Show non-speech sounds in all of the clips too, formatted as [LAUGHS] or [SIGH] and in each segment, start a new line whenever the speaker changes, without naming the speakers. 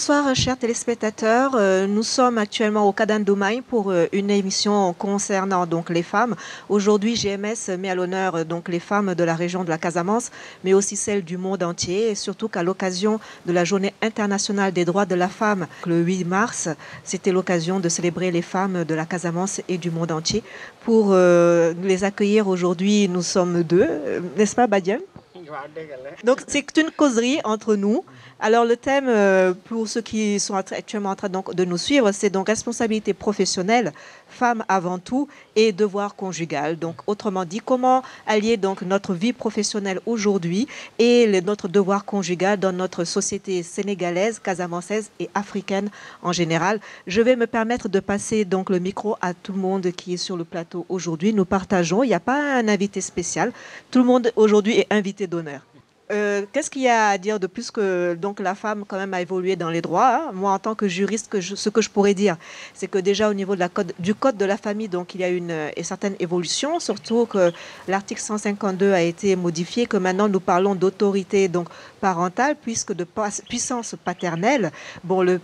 Bonsoir, euh, chers téléspectateurs. Euh, nous sommes actuellement au Cadendomain pour euh, une émission concernant donc les femmes. Aujourd'hui, GMS met à l'honneur donc les femmes de la région de la Casamance, mais aussi celles du monde entier, et surtout qu'à l'occasion de la Journée internationale des droits de la femme, le 8 mars, c'était l'occasion de célébrer les femmes de la Casamance et du monde entier. Pour les accueillir aujourd'hui, nous sommes deux, n'est-ce pas, Badien hein. Donc, c'est une causerie entre nous. Alors le thème euh, pour ceux qui sont actuellement en train donc de nous suivre, c'est donc responsabilité professionnelle, femme avant tout et devoir conjugal. Donc autrement dit, comment allier donc notre vie professionnelle aujourd'hui et notre devoir conjugal dans notre société sénégalaise, casamançaise et africaine en général. Je vais me permettre de passer donc le micro à tout le monde qui est sur le plateau aujourd'hui. Nous partageons, il n'y a pas un invité spécial, tout le monde aujourd'hui est invité d'honneur. Euh, qu'est-ce qu'il y a à dire de plus que donc la femme quand même a évolué dans les droits hein? Moi, en tant que juriste, ce que je pourrais dire, c'est que déjà au niveau de la code, du code de la famille, donc il y a une, une euh, certaine évolution, surtout que l'article 152 a été modifié, que maintenant nous parlons d'autorité, donc parentale, puisque de puissance paternelle. Bon, l'homme,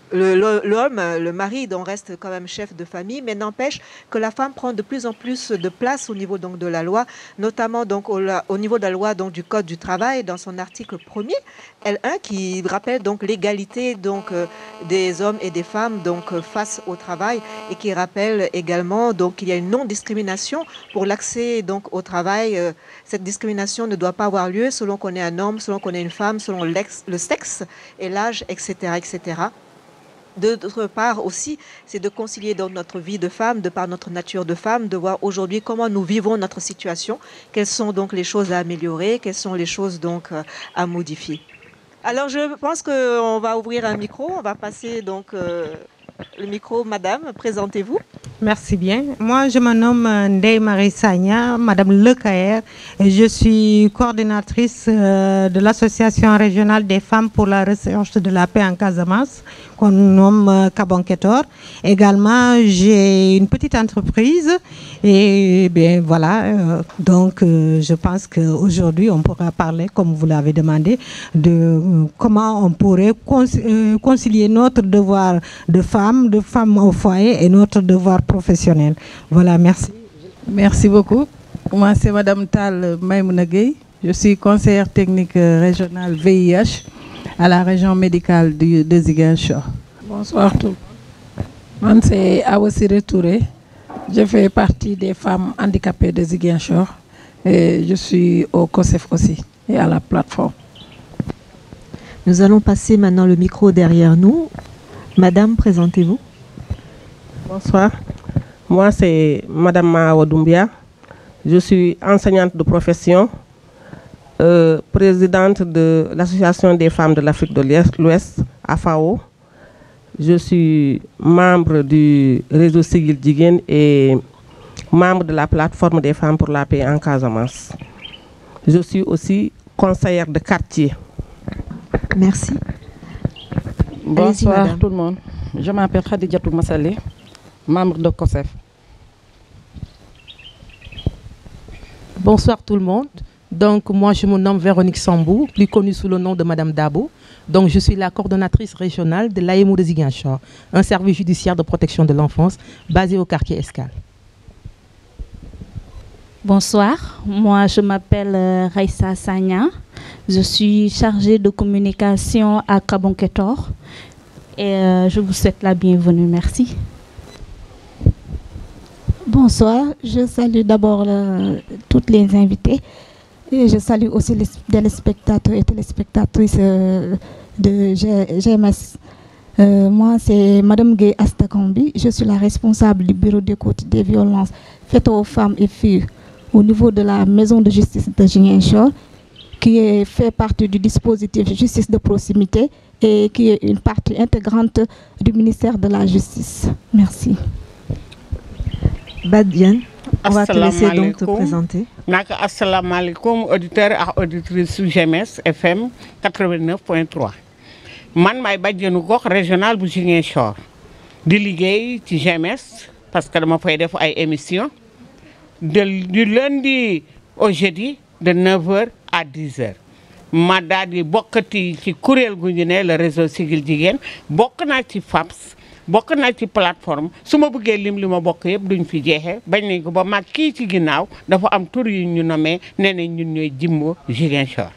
le, mari, donc reste quand même chef de famille, mais n'empêche que la femme prend de plus en plus de place au niveau donc de la loi, notamment donc au, niveau de la loi donc du code du travail, dans son article premier L1, qui rappelle donc l'égalité donc euh, des hommes et des femmes donc euh, face au travail et qui rappelle également donc qu'il y a une non discrimination pour l'accès donc au travail. Euh, cette discrimination ne doit pas avoir lieu selon qu'on est un homme, selon qu'on est une femme, selon le sexe et l'âge, etc., etc. D'autre part aussi, c'est de concilier dans notre vie de femme, de par notre nature de femme, de voir aujourd'hui comment nous vivons notre situation, quelles sont donc les choses à améliorer, quelles sont les choses donc euh, à modifier. Alors je pense qu'on va ouvrir un micro, on va passer donc... Euh, le micro, madame, présentez-vous.
Merci bien. Moi, je me nomme euh, Ndei Marie Sagna, madame et Je suis coordinatrice euh, de l'Association régionale des femmes pour la recherche de la paix en Casamance, qu'on nomme euh, Cabanquetor. Également, j'ai une petite entreprise et bien voilà. Euh, donc, euh, je pense qu'aujourd'hui, on pourra parler, comme vous l'avez demandé, de comment on pourrait concilier notre devoir de
femme, de femme au foyer et notre devoir professionnel. Voilà, merci. Merci beaucoup. Moi, c'est Madame Tal Maïmounagé Je suis conseillère technique régionale
VIH à la région médicale de, de Ziguinchor. Bonsoir tout. Moi, c'est Je fais partie des femmes handicapées
de Ziguinchor. Et je suis au COSEF aussi et à la plateforme. Nous allons passer maintenant le micro derrière nous. Madame, présentez-vous. Bonsoir.
Moi, c'est Madame Mawa Doumbia. Je suis enseignante de profession. Euh, présidente de l'Association des femmes de l'Afrique de l'Ouest, AFAO. Je suis membre du réseau Sigil Digen et membre de la plateforme des femmes pour la paix en Casamance. Je suis aussi conseillère de quartier. Merci. Bonsoir tout le monde. Je m'appelle
Khadija Massalé, membre de COSEF.
Bonsoir tout le monde. Donc, moi, je me nomme Véronique Sambou, plus connue sous le nom de Madame Dabo. Donc, je suis la coordonnatrice régionale de l'AMO de Ziguinchor, un service judiciaire de protection de l'enfance basé au quartier Escal
Bonsoir, moi je m'appelle euh, Raissa Sanya. Je suis chargée de communication à Kabonketor et euh, je vous souhaite la bienvenue. Merci. Bonsoir, je salue d'abord
euh, toutes les invités et je salue aussi les téléspectateurs et téléspectatrices euh, de GMS. Euh, moi, c'est Madame Gay Astakambi. Je suis la responsable du bureau d'écoute des violences faites aux femmes et filles au niveau de la maison de justice de Gingenshaw, qui fait partie du dispositif justice de proximité et qui est une partie intégrante du ministère de la
Justice. Merci. Badian. On va te laisser donc te présenter.
Assalamu alaikum, auditeur et auditrice sur GMS FM 89.3. man may bàjjenu gox régional bu Chor. di liggéey ci GMS parce que dama fay def ay émission de du lundi au jeudi de 9h à 10h ma dadi di bokkati ci kuréel gu ñu ne le réseau en train de faire ci FAPS bokk na ci plateforme su ma bëggee lim li ma bokk yëpp duñ fi jeexee bañ nañ ko ba mag kii ci ginnaaw dafa am tur yi ñu nommé nee nañ ñun ñooy Jimbo Ziguinchor.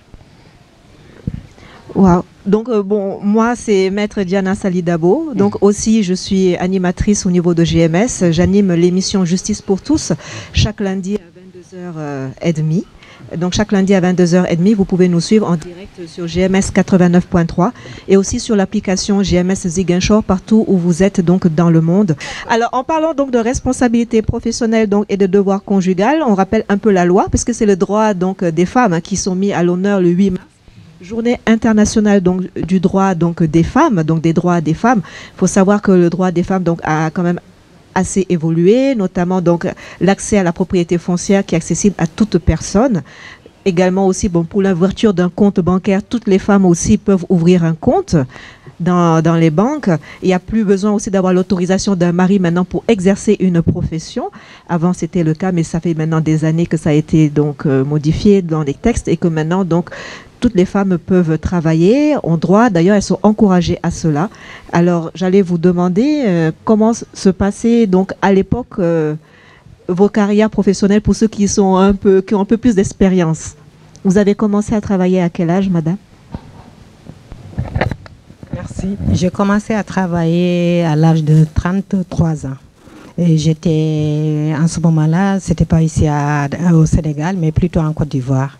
Wow. Donc euh, bon, moi c'est Maître Diana Salidabo. Donc mm. aussi je suis animatrice au niveau de GMS. J'anime l'émission Justice pour tous chaque lundi à 22h30. Donc chaque lundi à 22h30, vous pouvez nous suivre en direct sur GMS 89.3 et aussi sur l'application GMS Ziguinchor partout où vous êtes donc dans le monde. Alors en parlant donc de responsabilité professionnelle donc et de devoir conjugal, on rappelle un peu la loi puisque c'est le droit donc des femmes hein, qui sont mis à l'honneur le 8 mars. Journée internationale donc du droit donc des femmes, donc des droits des femmes. Il faut savoir que le droit des femmes donc a quand même assez évolué, notamment donc l'accès à la propriété foncière qui est accessible à toute personne. Également aussi, bon, pour l'ouverture d'un compte bancaire, toutes les femmes aussi peuvent ouvrir un compte. Dans, les banques. Il n'y a plus besoin aussi d'avoir l'autorisation d'un mari maintenant pour exercer une profession. Avant, c'était le cas, mais ça fait maintenant des années que ça a été donc euh, modifié dans les textes et que maintenant, donc, toutes les femmes peuvent travailler, ont droit, d'ailleurs elles sont encouragées à cela. Alors j'allais vous demander euh, comment se passait donc à l'époque euh, vos carrières professionnelles pour ceux qui, sont un peu, qui ont un peu plus d'expérience. Vous avez commencé à travailler à quel âge, madame Merci. J'ai commencé à travailler à l'âge
de 33 ans. Et j'étais, en ce moment-là, c'était pas ici au Sénégal, mais plutôt en Côte d'Ivoire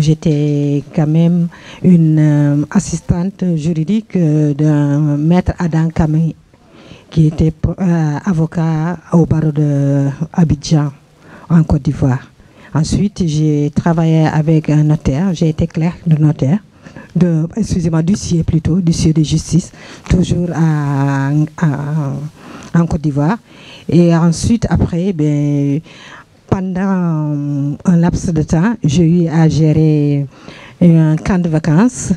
j'étais quand même une euh, assistante juridique euh, d'un maître Adam Kamé, qui était euh, avocat au barreau de Abidjan, en Côte d'Ivoire. Ensuite, j'ai travaillé avec un notaire, j'ai été clerc de notaire de, excusez-moi, du CIE plutôt, du CIE de justice, toujours en Côte d'Ivoire. Et ensuite, après, ben, pendant euh, un laps de temps, j'ai eu à gérer euh, un camp de vacances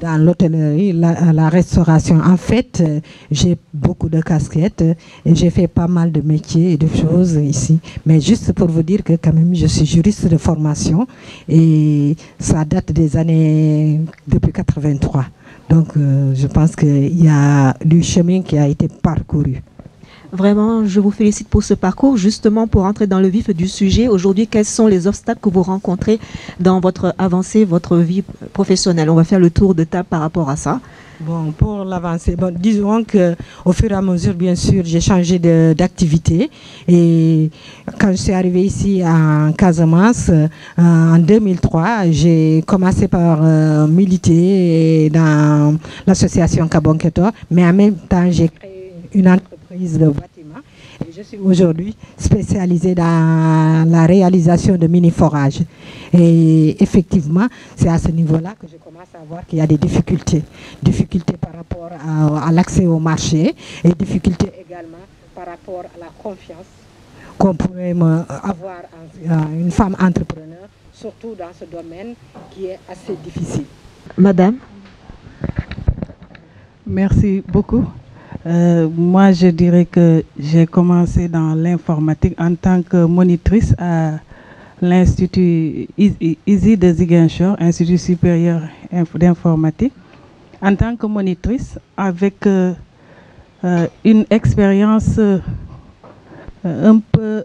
dans l'hôtellerie, la, restauration. En fait, j'ai beaucoup de casquettes et j'ai fait pas mal de métiers et de choses ici. Mais juste pour vous dire que quand même, je suis juriste de formation et ça date des années depuis 83. Donc, euh, je pense qu'il y a du chemin qui a été parcouru.
Vraiment, je vous félicite pour ce parcours. Justement, pour entrer dans le vif du sujet, aujourd'hui, quels sont les obstacles que vous rencontrez dans votre avancée, votre vie professionnelle On va faire le tour de table par rapport à ça. Bon, pour l'avancée, disons qu'au
fur et à mesure, bien sûr, j'ai changé d'activité. Et quand je suis arrivée ici à Casamance, euh, en 2003, j'ai commencé par euh, militer dans l'association Kabonketo, mais en même temps, j'ai créé une entreprise de bâtiment et je suis aujourd'hui spécialisée dans la réalisation de mini-forages. Et effectivement, c'est à ce niveau-là que je commence à voir qu'il y a des difficultés. Difficultés par rapport à, l'accès au marché et difficultés également par rapport à la confiance qu'on pourrait avoir euh, une femme entrepreneur, surtout dans ce domaine qui est assez difficile.
Madame Merci beaucoup. Euh,
moi, je dirais que j'ai commencé dans l'informatique en tant que monitrice à l'Institut ISI de Ziguinchor, Institut supérieur d'informatique, en tant que monitrice avec euh, euh, une expérience un peu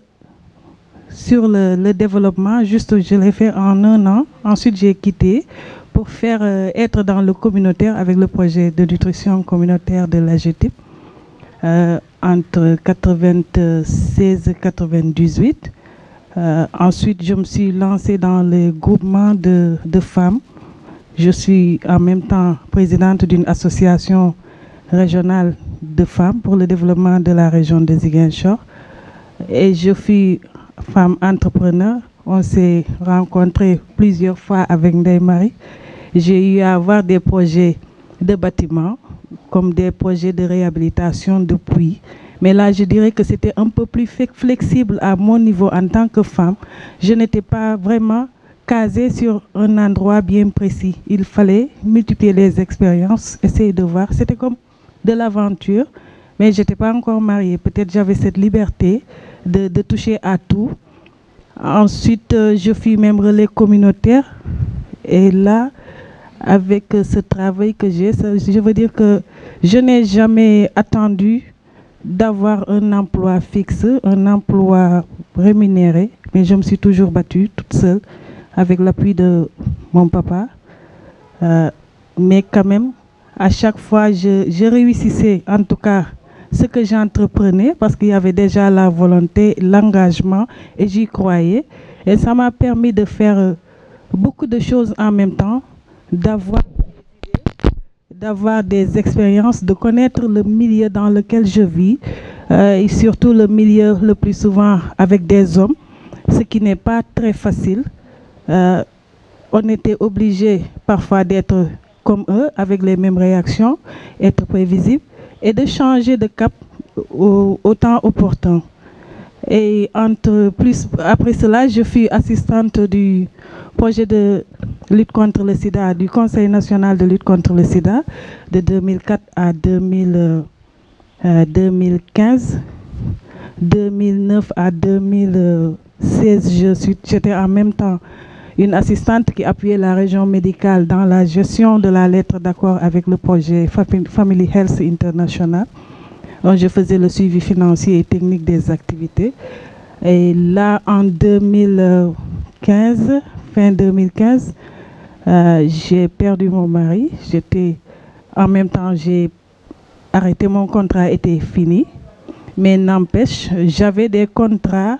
sur le, développement. Juste, je l'ai fait en un an. Ensuite, j'ai quitté pour faire être dans le communautaire avec le projet de nutrition communautaire de la GTIP. Euh, entre 96 et 98. Euh, ensuite, je me suis lancée dans le groupement de, femmes. Je suis en même temps présidente d'une association régionale de femmes pour le développement de la région de Ziguinchor. Et je suis femme entrepreneur. On s'est rencontrés plusieurs fois avec des Marie. J'ai eu à avoir des projets de bâtiments comme des projets de réhabilitation depuis. Mais là, je dirais que c'était un peu plus flexible à mon niveau en tant que femme. Je n'étais pas vraiment casée sur un endroit bien précis. Il fallait multiplier les expériences, essayer de voir. C'était comme de l'aventure, mais je n'étais pas encore mariée. Peut-être j'avais cette liberté de, toucher à tout. Ensuite, euh, je fus même relais communautaire. Et là, avec euh, ce travail que j'ai. Je veux dire que je n'ai jamais attendu d'avoir un emploi fixe, un emploi rémunéré, mais je me suis toujours battue toute seule avec l'appui de mon papa. Euh, mais quand même, à chaque fois, je réussissais, en tout cas, ce que j'entreprenais, parce qu'il y avait déjà la volonté, l'engagement, et j'y croyais. Et ça m'a permis de faire euh, beaucoup de choses en même temps, d'avoir d'avoir des expériences, de connaître le milieu dans lequel je vis, euh, et surtout le milieu le plus souvent avec des hommes, ce qui n'est pas très facile. Euh, on était obligé parfois d'être comme eux, avec les mêmes réactions, être prévisible et de changer de cap au, temps opportun. Et entre plus, après cela, je fus assistante du projet de lutte contre le sida du Conseil national de lutte contre le sida de 2004 à 2015. 2009 euh, à 2016, j'étais en même temps une assistante qui appuyait la région médicale dans la gestion de la lettre d'accord avec le projet Family Health International. je faisais le suivi financier et technique des activités. Et là, en 2000, 2015, fin 2015, euh, j'ai perdu mon mari. J'étais, en même temps, j'ai arrêté mon contrat, était fini. Mais n'empêche, j'avais des contrats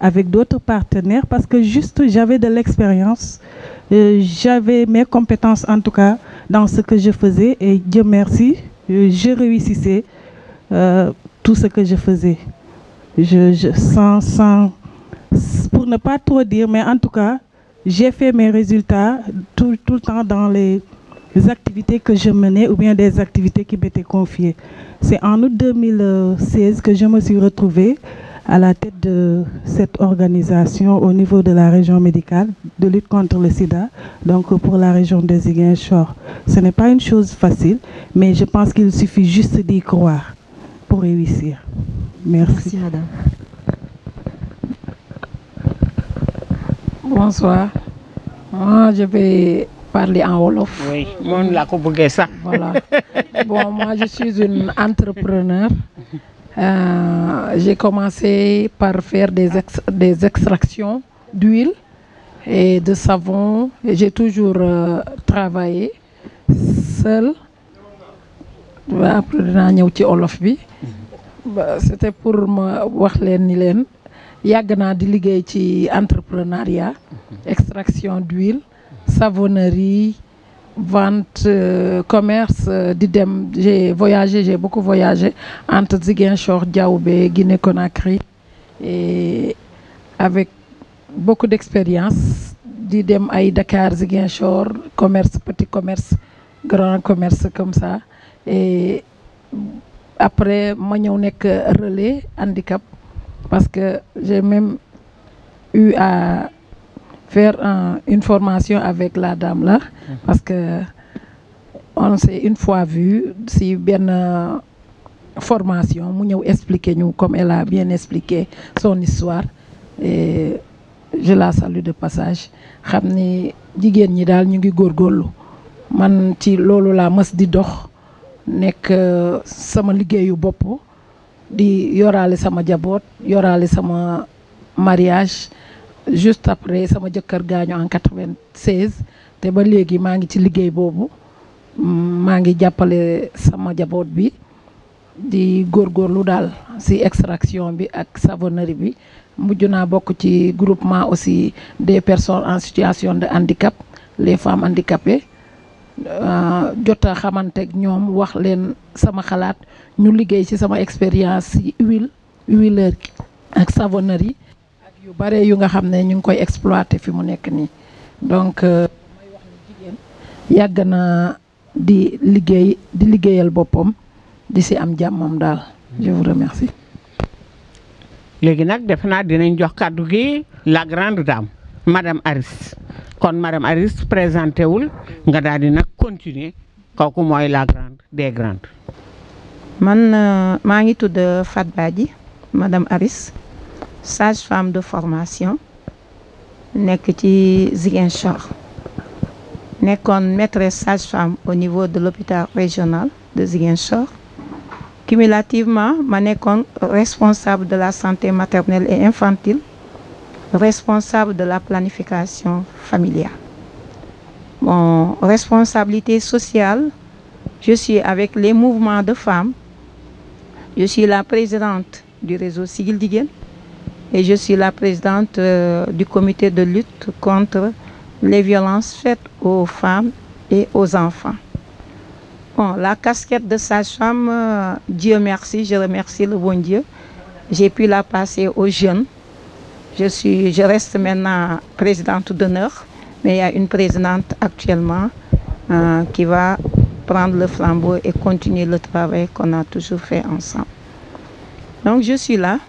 avec d'autres partenaires parce que juste j'avais de l'expérience, euh, j'avais mes compétences en tout cas dans ce que je faisais et Dieu merci, je réussissais euh, tout ce que je faisais. Je, je sans, sans pour ne pas trop dire, mais en tout cas, j'ai fait mes résultats tout, le temps dans les, activités que je menais ou bien des activités qui m'étaient confiées. C'est en août 2016 que je me suis retrouvée à la tête de cette organisation au niveau de la région médicale de lutte contre le sida, donc pour la région de Ziguinchor. Ce n'est pas une chose facile, mais je pense qu'il suffit juste d'y croire
pour réussir. Merci. Merci, madame. Bonsoir. Ah, je vais parler en Wolof. Oui, mon Bon, moi, je suis une entrepreneur. Euh, j'ai commencé par faire des, des extractions d'huile et de savon. J'ai toujours euh, travaillé seul. Bah, c'était pour moi voir les yagna di liguey ci entrepreneuriat extraction d'huile savonnerie vente euh, commerce euh, j'ai voyagé j'ai beaucoup voyagé entre Ziguinchor Diaoubé Guinée Conakry et avec beaucoup d'expérience di dem ay Dakar Ziguinchor commerce petit commerce grand commerce comme ça et après ma ñëw que relais handicap parce que j'ai même eu à faire une formation avec la dame là mhm. parce que on s'est une fois vu si bien euh, formation mu ñëw expliquer nous, comme elle a bien expliqué son histoire et je la salue de passage xamni jigen ñi dal ñu ngi góorgóorlu man ci lolu la mës di dox nek euh, sama liggéeyu bopp di yoraale sama jaboot yoraale sama mariage juste après sama jëkkër gaañu en 96 te ba léegi maa ngi ci liggéey boobu mm, maa ngi jàppale sama jaboot bi di góorgóorlu daal si extraction bi ak savonnerie bi mujj naa bokk ci groupement aussi des personnes en situation de handicap les femmes handicapées Euh, jota ak ñoom wax leen sama xalaat ñu liggéey ci sama expérience yi huile huileur ak savonnerie ak yu bare yu nga xam ñu ngi koy exploiter fi mu nekk ni donc euh, may wax ni di liggéey di liggéeyal bopom di ci am jammam dal je vous remercie
légui nak def dinañ jox cadeau gi la grande dame madame Aris quand madame Aris présente vous, nga allons continuer à la grande des grandes.
man euh, madame Aris sage femme de formation Je ci Ziguinchor maîtresse sage femme au niveau de l'hôpital régional de Ziguinchor cumulativement je suis responsable de la santé maternelle et infantile responsable de la planification familiale. Mon responsabilité sociale, je suis avec les mouvements de femmes. Je suis la présidente du réseau Sigil et je suis la présidente euh, du comité de lutte contre les violences faites aux femmes et aux enfants. Bon, la casquette de sa femme, euh, Dieu merci, je remercie le bon Dieu. J'ai pu la passer aux jeunes je, suis, je reste maintenant présidente d'honneur, mais il y a une présidente actuellement euh, qui va prendre le flambeau et continuer le travail qu'on a toujours fait ensemble. Donc je suis là,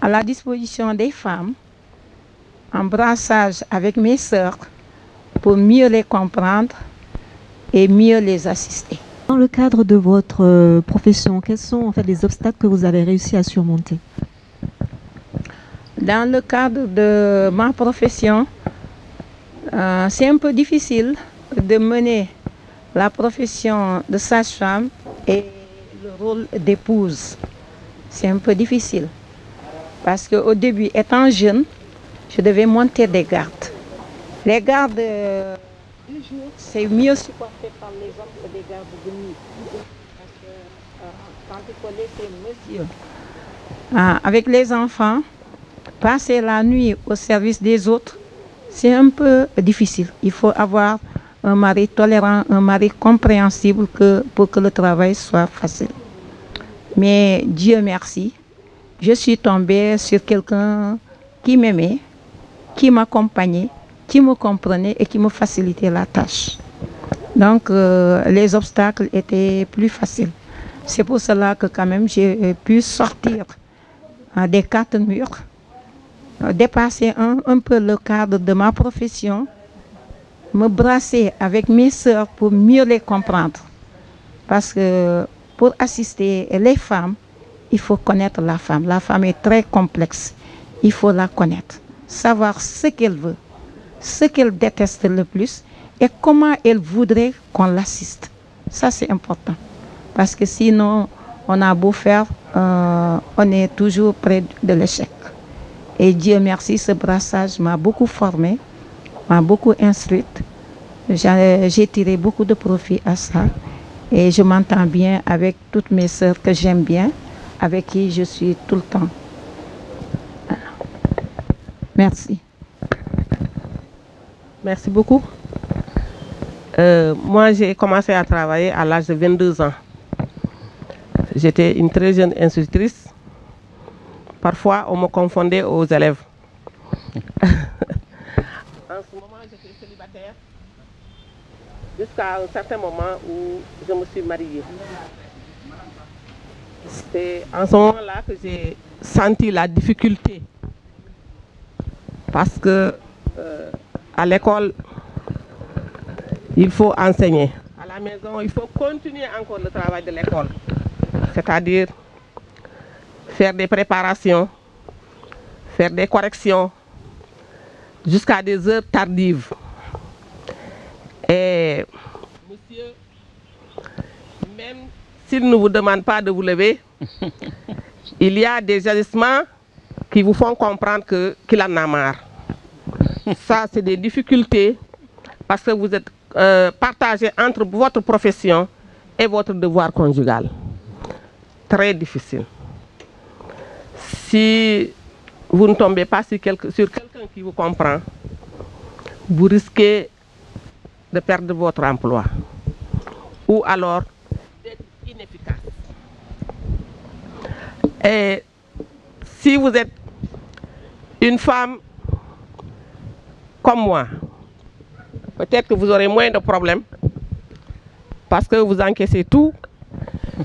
à la disposition des femmes, en brassage avec mes soeurs pour mieux les comprendre et mieux les assister.
Dans le cadre de votre euh, profession, quels sont en fait les obstacles que vous avez réussi à surmonter
dans le cadre de ma profession, euh, c'est un peu difficile de mener la profession de sage-femme et le rôle d'épouse. C'est un peu difficile parce qu'au début, étant jeune, je devais monter des gardes. Les gardes euh, c'est mieux supporté par les hommes que les gardes de nuit. Parce que quand euh, monsieur. Ah, avec les enfants, passer la nuit au service des autres, c'est un peu difficile. Il faut avoir un mari tolérant, un mari compréhensible que, pour que le travail soit facile. Mais Dieu merci, je suis tombée sur quelqu'un qui m'aimait, qui m'accompagnait, qui me comprenait et qui me facilitait la tâche. Donc euh, les obstacles étaient plus faciles. C'est pour cela que quand même j'ai pu sortir hein, des quatre murs dépasser un, peu le cadre de ma profession, me brasser avec mes sœurs pour mieux les comprendre. Parce que pour assister les femmes, il faut connaître la femme. La femme est très complexe. Il faut la connaître, savoir ce qu'elle veut, ce qu'elle déteste le plus et comment elle voudrait qu'on l'assiste. Ça, c'est important. Parce que sinon, on a beau faire, euh, on est toujours près de l'échec. Et Dieu merci, ce brassage m'a beaucoup formée, m'a beaucoup instruite. J'ai tiré beaucoup de profit à ça. Et je m'entends bien avec toutes mes sœurs que j'aime bien, avec qui je suis tout le temps. Merci. Merci beaucoup.
Euh, moi, j'ai commencé à travailler à l'âge de 22 ans. J'étais une très jeune instructrice. Parfois, on me confondait aux élèves. en ce moment, j'étais célibataire jusqu'à un certain moment où je me suis mariée. C'est en ce moment-là que j'ai senti la difficulté parce que euh, à l'école, il faut enseigner. À la maison, il faut continuer encore le travail de l'école, c'est-à-dire faire des préparations, faire des corrections jusqu'à des heures tardives. Et monsieur, même s'il ne vous demande pas de vous lever, [LAUGHS] il y a des agissements qui vous font comprendre qu'il en a marre. Ça, c'est des difficultés parce que vous êtes euh, partagé entre votre profession et votre devoir conjugal. Très difficile si vous ne tombez pas sur quelqu'un qui vous comprend, vous risquez de perdre votre emploi ou alors d'être inefficace. Et si vous êtes une femme comme moi, peut-être que vous aurez moins de problèmes parce que vous encaissez tout,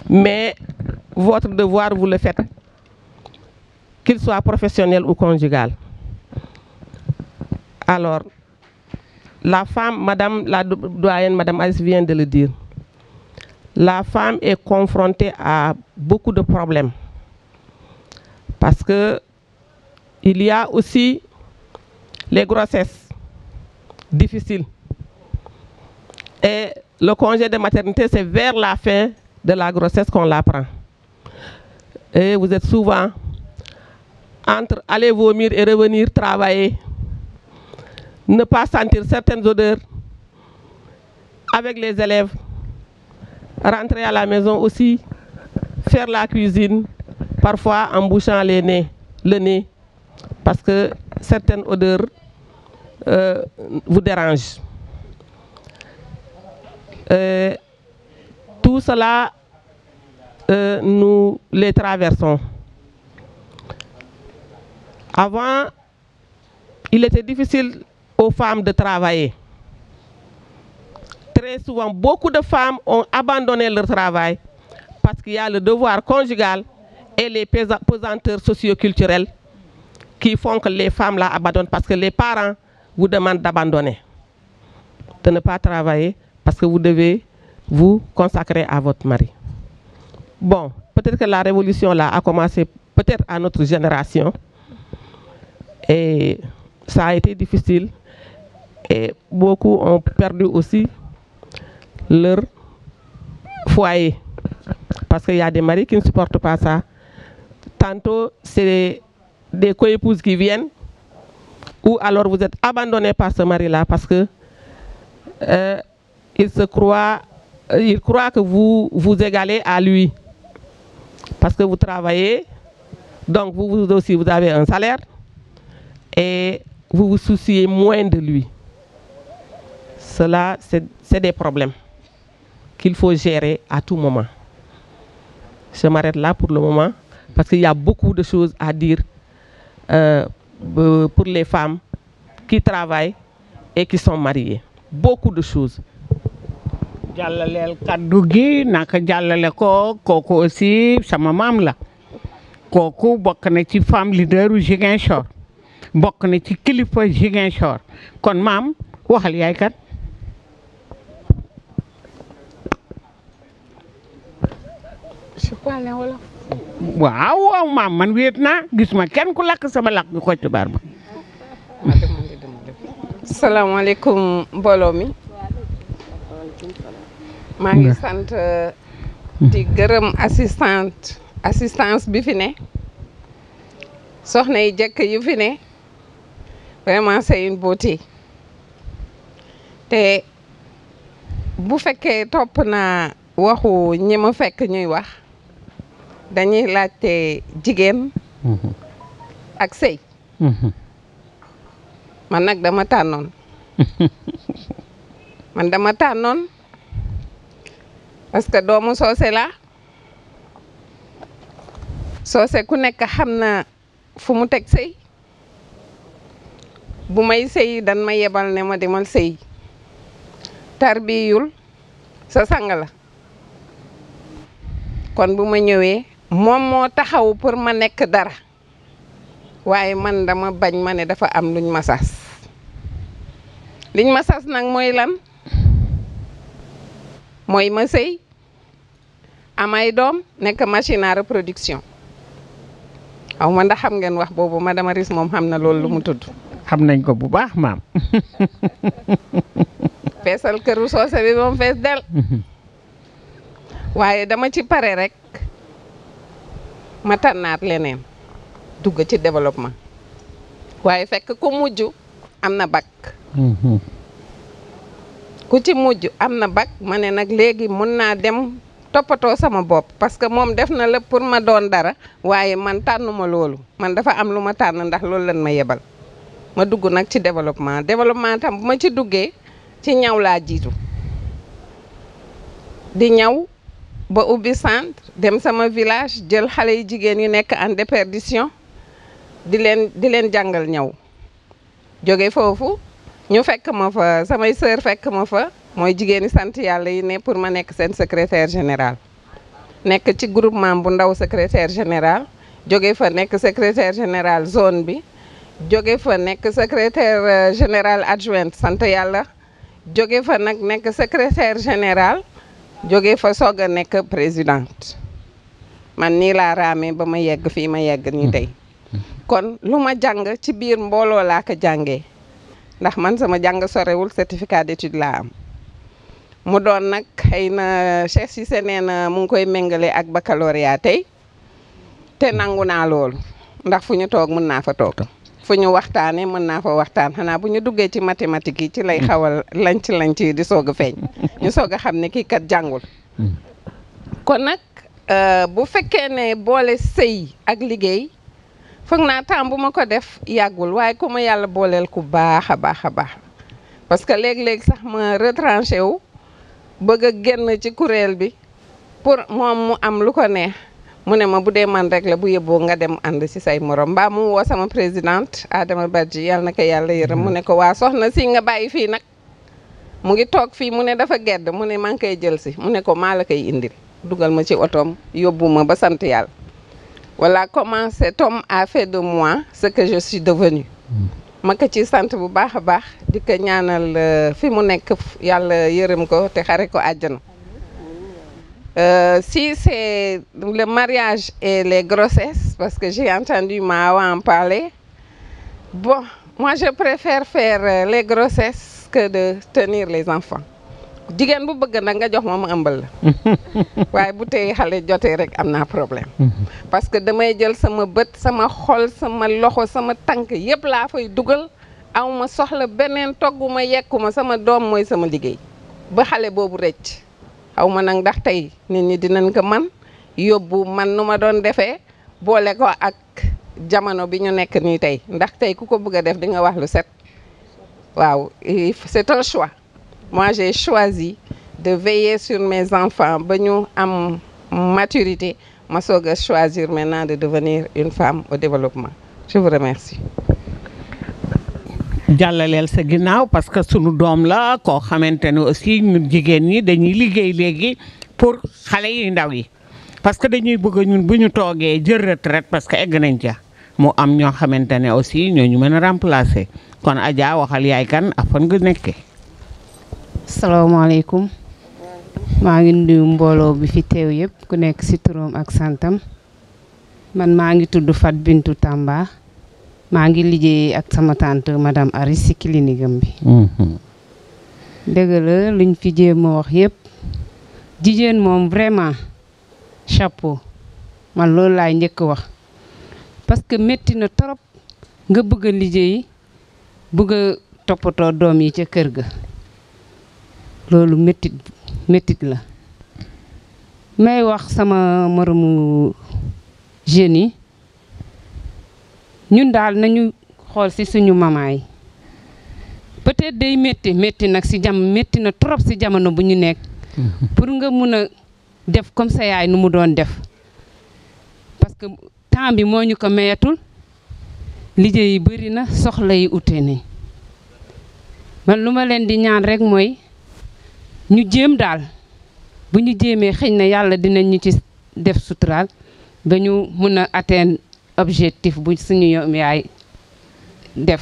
mais votre devoir, vous le faites qu'il soit professionnel ou conjugal. Alors, la femme, madame, la doyenne, madame Alice vient de le dire, la femme est confrontée à beaucoup de problèmes. Parce que il y a aussi les grossesses difficiles. Et le congé de maternité, c'est vers la fin de la grossesse qu'on l'apprend. Et vous êtes souvent entre aller vomir et revenir travailler, ne pas sentir certaines odeurs avec les élèves, rentrer à la maison aussi, faire la cuisine, parfois en bouchant le nez, parce que certaines odeurs euh, vous dérangent. Euh, tout cela, euh, nous les traversons. Avant, il était difficile aux femmes de travailler. Très souvent, beaucoup de femmes ont abandonné leur travail parce qu'il y a le devoir conjugal et les pesanteurs socioculturels qui font que les femmes abandonnent parce que les parents vous demandent d'abandonner, de ne pas travailler parce que vous devez vous consacrer à votre mari. Bon, peut-être que la révolution là a commencé peut-être à notre génération, et ça a été difficile. Et beaucoup ont perdu aussi leur foyer. Parce qu'il y a des maris qui ne supportent pas ça. Tantôt, c'est des coépouses qui viennent. Ou alors vous êtes abandonné par ce mari-là parce que euh, il se croit, il croit que vous vous égalez à lui. Parce que vous travaillez, donc vous aussi vous avez un salaire et vous vous souciez moins de lui. Cela, c'est des problèmes qu'il faut gérer à tout moment. Je m'arrête là pour le moment parce qu'il y a beaucoup de choses à dire euh, euh, pour les femmes qui travaillent et qui sont mariées. Beaucoup de choses. femme leader bokk na ci kilifa Ziguinchor kon maam waxal yaay kat. waaw waaw maam man wéet naa gis ma kenn ku lakk sama lakk bi xocc baar ma. salaamaaleykum mbooloo mi.
maa ngi sant euh, di gërëm assistante bi fi ne soxna yi jëkk yu fi ne vraiment c'est une beauté te bu fekkee topp naa waxu ñi ma fekk ñuy wax dañuy laajte jigéen mhm. ak sëy mhm. man nag dama tànnoon [LAUGHS] man dama tànnoon parce que doomu soose la soose ku nekk xam na fu mu teg sëy bu may sëy dan ma yebal ne ma demal sëy tarbiyul sa sang la kon bu ma ñëwee moom moo taxawu pour ma nekk dara waaye man dama bañ ma ne dafa am luñ ma sas liñ ma sas nag mooy lan mooy ma am ay doom nekk machine à reproduction aw ma ndax xam ngeen wax boobu ma madame Aris moom xam na loolu lu mu tudd
xam nañ ko bu baax maam. [LAUGHS]
feesal këru soose bi moom fees del waaye dama ci pare rek ma tànnaat leneen dugg ci développement waaye fekk ku mujj am na
mhm.
ku ci mujj am na ma ne nag mun naa dem toppatoo sama bopp parce que moom def na lépp pour ma doon dara waaye man tànnuma loolu man dafa am lu ma tànn ndax loolu lan ma yebal. ma dugg nag ci développement développement tam bu ma ci duggee ci ñaw jiitu di ñaw ba ubbi centre dem sama village jël xale yi jigéen yu nekk en déperdition di leen di leen jàngal ñaw jóge foofu ñu fekk ma fa samay sœur fekk ma fa mooy jigéeni sant yàlla yi ne pour ma nekk seen secretaire général nekk ci groupement bu ndaw secrétaire général jóge fa nekk secretaire général zone bi jóge fa nekk secrétaire euh, général adjointe sant yàlla jóge fa nag nekk secrétaire général jóge fa soog a nekk présidente man nii laa raamee ba ma yegg fii ma yegg nii tey kon lu ma jàng ci biir mbooloo laa ko jàngee ndax man sama jàng sorewul certificat d'étude laa am mu doon nag xëy na Cheikh Cissé nee na mu ngi koy méngale ak baccalauréat tey te nangu naa loolu ndax fu ñu toog mën naa fa toog fu ñu waxtaanee mën naa fa waxtaan xanaa bu ñu duggee ci mathématique yi ci lay xawal lanc lanc yi di soog a feeñ. ñu soog a xam ne kii kat jàngul. kon nag euh, bu fekkee ne boole sëy ak liggéey foog naa temps bu ma ko def yàggul waaye ku ma yàlla booleel ku baax a baax a baax parce que léeg-léeg sax ma retranché wu bëgg a génn ci kuréel bi pour moom mu am lu ko neex. mu ne ma bu dee man rek la bu yóbboo nga dem ànd si say morom mbaa mu woo sama présidente Adama Badji yàlla na ko yàlla yërëm mu ne ko waa soxna si nga bàyyi fii nag mu ngi toog fii mu ne dafa gedd mu ne maa koy jël si mu ne ko maa koy indil dugal ma ci otoom yóbbu ma ba sant yàlla voilà comment cet homme a de moi ce que je suis hmm. ko ci sant bu baax a baax di ko ñaanal euh, fi mu nekk yàlla yërëm ko te xare ko àjjana Euh, si c'est le mariage et les grossesses, parce que j'ai entendu Mawa en parler, bon, moi je préfère faire euh, les grossesses que de tenir les enfants. Si bu bëgg nag nga jox suis un Mais bu rek amna problème parce que damay jël sama sama xol sama loxo sama suis Je xaw ma nag ndax tay nit ñi dinañ ko man yobbu man numa ma doon defee boole ko ak jamono bi ñu nekk nii tey ndax tay ku ko bëgg def di nga wax lu set waaw c'est un choix moi j'ai choisi de veiller sur mes enfants ba ñu am maturité ma soog choisir maintenant de devenir une femme au développement je vous remercie
jàllaleel sa ginnaaw parce que sunu dom la ko xamantene aussi ñun jigen ñi dañuy liggey legi pour xalé yi ndaw yi parce que dañuy bëgg ñun buñu ñu toogee retraite parce que egg nañ ca mo am ño xamantene aussi ñooñu mën remplacer kon aja waxal yaay kan ak fan nekké
assalamu alaykum ma ngi nuyu mbolo bi fi tew yëpp ku nekk ci turum ak santam man ma ngi tuddu Fat Bintou Tamba maa ngi liggéey ak sama tante madame arisi clinique am bi. Mhm. dëgg la luñ fi jéem wax yépp jigéen mom vraiment chapeau man loolu lay ñëk wax parce que metti na trop nga bëgg a liggéey bëgg topoto dom yi ci kër ga loolu metti metti la may wax sama moromu génie ñun daal nañu xool ci suñu maman yi peut-être day métti métti nag si jam métti na trop si jamono bu ñu nekk. Mhm. pour nga mun a def comme sa yaay nu mu doon def parce que temps bi moo ñu ko mayatul liggéey yi bëri na soxla yi ute ni man lu ma leen di ñaan rekk mooy ñu jéem daal bu ñu jéemee xëñ na yàlla dina ñu ci def suturaal ba ñu mun a atteindre. objectif bu suñu yaay def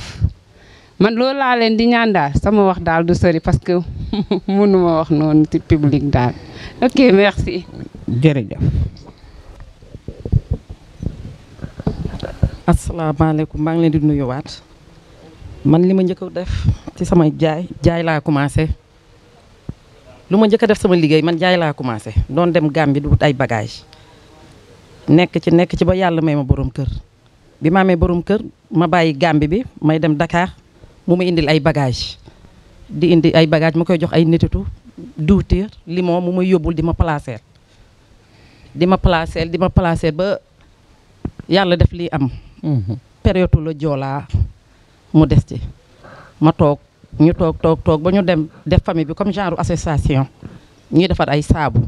man lo la len di ñaan daal sama wax dal du sori parce que [LAUGHS] mënuma wax non ci public dal ok merci.
assalamu alaykum ma ngi len di wat man li ma def ci sama jaay jaay la commencé luma ñëk def sama liggéey man jaay la commencé don dem Gambie du ay bagage nekk ci nekk ci ba yàlla may ma borom kër bi ma amee borom kër ma bàyyi Gàmbi bi may dem dakaar mu ma indil ay bagage di indi ay bagage ma koy jox ay nititu duutiir limon mu may yóbbul di ma placer di ma placer di ma placer ba yàlla def lii am mhm. période la joolaa mu des ci ma toog ñu toog toog toog ba ñu dem def famille bi comme genre association ñuy defar ay saabu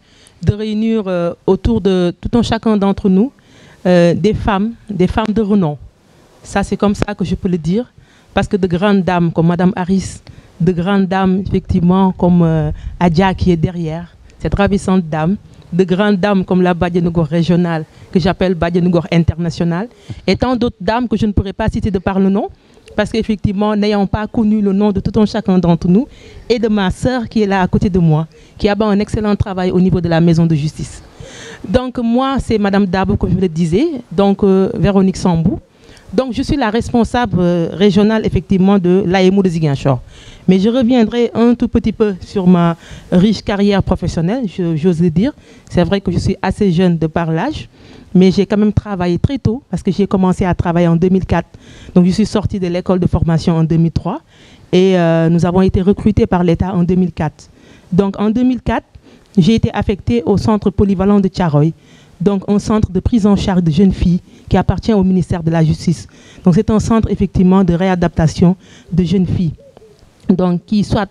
de réunir euh, autour de tout un chacun d'entre nous euh, des femmes, des femmes de renom. Ça, c'est comme ça que je peux le dire, parce que de grandes dames comme Madame Harris, de grandes dames, effectivement, comme euh, Adia qui est derrière, cette ravissante dame, de grandes dames comme la Badianougor régionale, que j'appelle Badianougor internationale, et tant d'autres dames que je ne pourrais pas citer de par le nom, parce qu'effectivement, n'ayant pas connu le nom de tout un chacun d'entre nous, et de ma sœur qui est là à côté de moi, qui a un excellent travail au niveau de la maison de justice. Donc moi, c'est Madame Dabo, comme je le disais, donc euh, Véronique Sambou, donc, je suis la responsable euh, régionale, effectivement, de l'AEMU de Ziguinchor. Mais je reviendrai un tout petit peu sur ma riche carrière professionnelle, j'ose le dire. C'est vrai que je suis assez jeune de par l'âge, mais j'ai quand même travaillé très tôt, parce que j'ai commencé à travailler en 2004. Donc, je suis sortie de l'école de formation en 2003, et euh, nous avons été recrutés par l'État en 2004. Donc, en 2004, j'ai été affectée au centre polyvalent de Tcharoy donc un centre de prise en charge de jeunes filles qui appartient au ministère de la Justice. Donc c'est un centre effectivement de réadaptation de jeunes filles, donc qui soit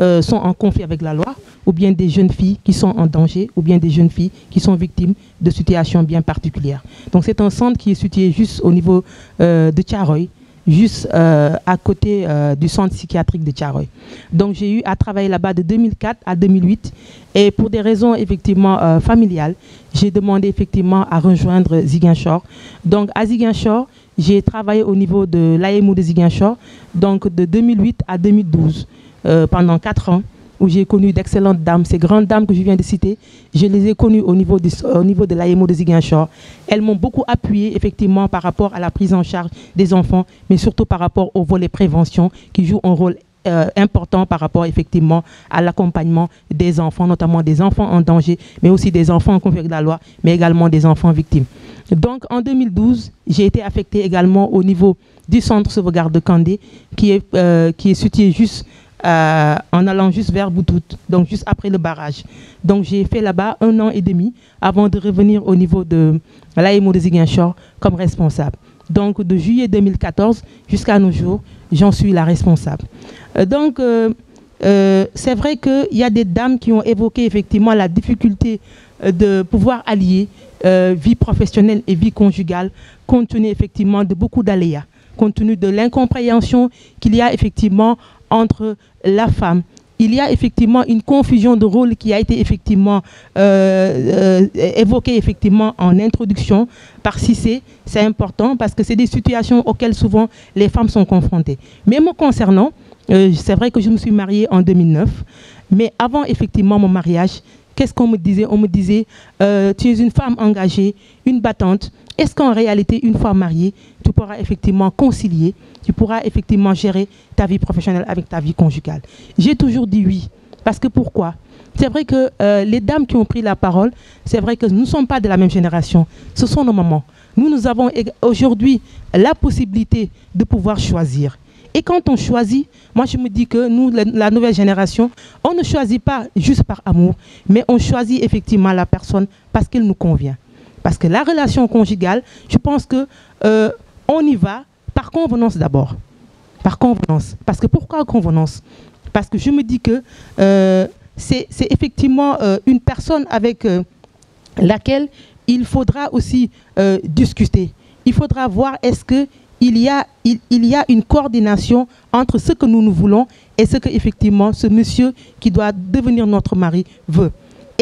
euh, sont en conflit avec la loi, ou bien des jeunes filles qui sont en danger, ou bien des jeunes filles qui sont victimes de situations bien particulières. Donc c'est un centre qui est situé juste au niveau euh, de Tcharoy, juste euh, à côté euh, du centre psychiatrique de Tcharoy. Donc j'ai eu à travailler là-bas de 2004 à 2008 et pour des raisons effectivement euh, familiales, j'ai demandé effectivement à rejoindre Ziguinchor. Donc à Ziguinchor, j'ai travaillé au niveau de l'AMU de Ziguinchor, donc de 2008 à 2012 pendant 4 ans où j'ai connu d'excellentes dames, ces grandes dames que je viens de citer, je les ai connues au niveau, au niveau de l'AMO de Ziguinchor. Elles m'ont beaucoup appuyé effectivement par rapport à la prise en charge des enfants, mais surtout par rapport au volet prévention qui joue un rôle euh, important par rapport effectivement à l'accompagnement des enfants, notamment des enfants en danger, mais aussi des enfants en conflit avec la loi, mais également des enfants victimes. Donc en 2012, j'ai été affectée également au niveau du centre sauvegarde de Candé, qui est, soutenu euh, qui est situé juste euh, en allant juste vers Boutout, donc juste après le barrage. Donc j'ai fait là-bas un an et demi avant de revenir au niveau de la de Ziguinchor comme responsable. Donc de juillet 2014 jusqu'à nos jours, j'en suis la responsable. Euh, donc euh, c'est vrai qu'il y a des dames qui ont évoqué effectivement la difficulté de pouvoir allier vie professionnelle et vie conjugale compte tenu effectivement de beaucoup d'aléas compte tenu de l'incompréhension qu'il y a effectivement entre la femme. Il y a effectivement une confusion de rôle qui a été effectivement euh, euh, évoquée effectivement en introduction par Cissé. C'est important parce que c'est des situations auxquelles souvent les femmes sont confrontées. Mais me concernant, euh, c'est vrai que je me suis mariée en 2009, mais avant effectivement mon mariage, qu'est-ce qu'on me disait, On me disait tu es une femme engagée, une battante, est-ce qu'en réalité, une fois marié, tu pourras effectivement concilier, tu pourras effectivement gérer ta vie professionnelle avec ta vie conjugale J'ai toujours dit oui. Parce que pourquoi C'est vrai que euh, les dames qui ont pris la parole, c'est vrai que nous ne sommes pas de la même génération. Ce sont nos mamans. Nous, nous avons aujourd'hui la possibilité de pouvoir choisir. Et quand on choisit, moi je me dis que nous, la nouvelle génération, on ne choisit pas juste par amour, mais on choisit effectivement la personne parce qu'elle nous convient. Parce que la relation conjugale, je pense que euh, on y va par convenance d'abord. Par convenance. Parce que pourquoi convenance Parce que je me dis que euh, c'est effectivement euh, une personne avec laquelle il faudra aussi discuter. Il faudra voir est-ce qu'il y, a, y a une coordination entre ce que nous nous voulons et ce que effectivement ce monsieur qui doit devenir notre mari veut.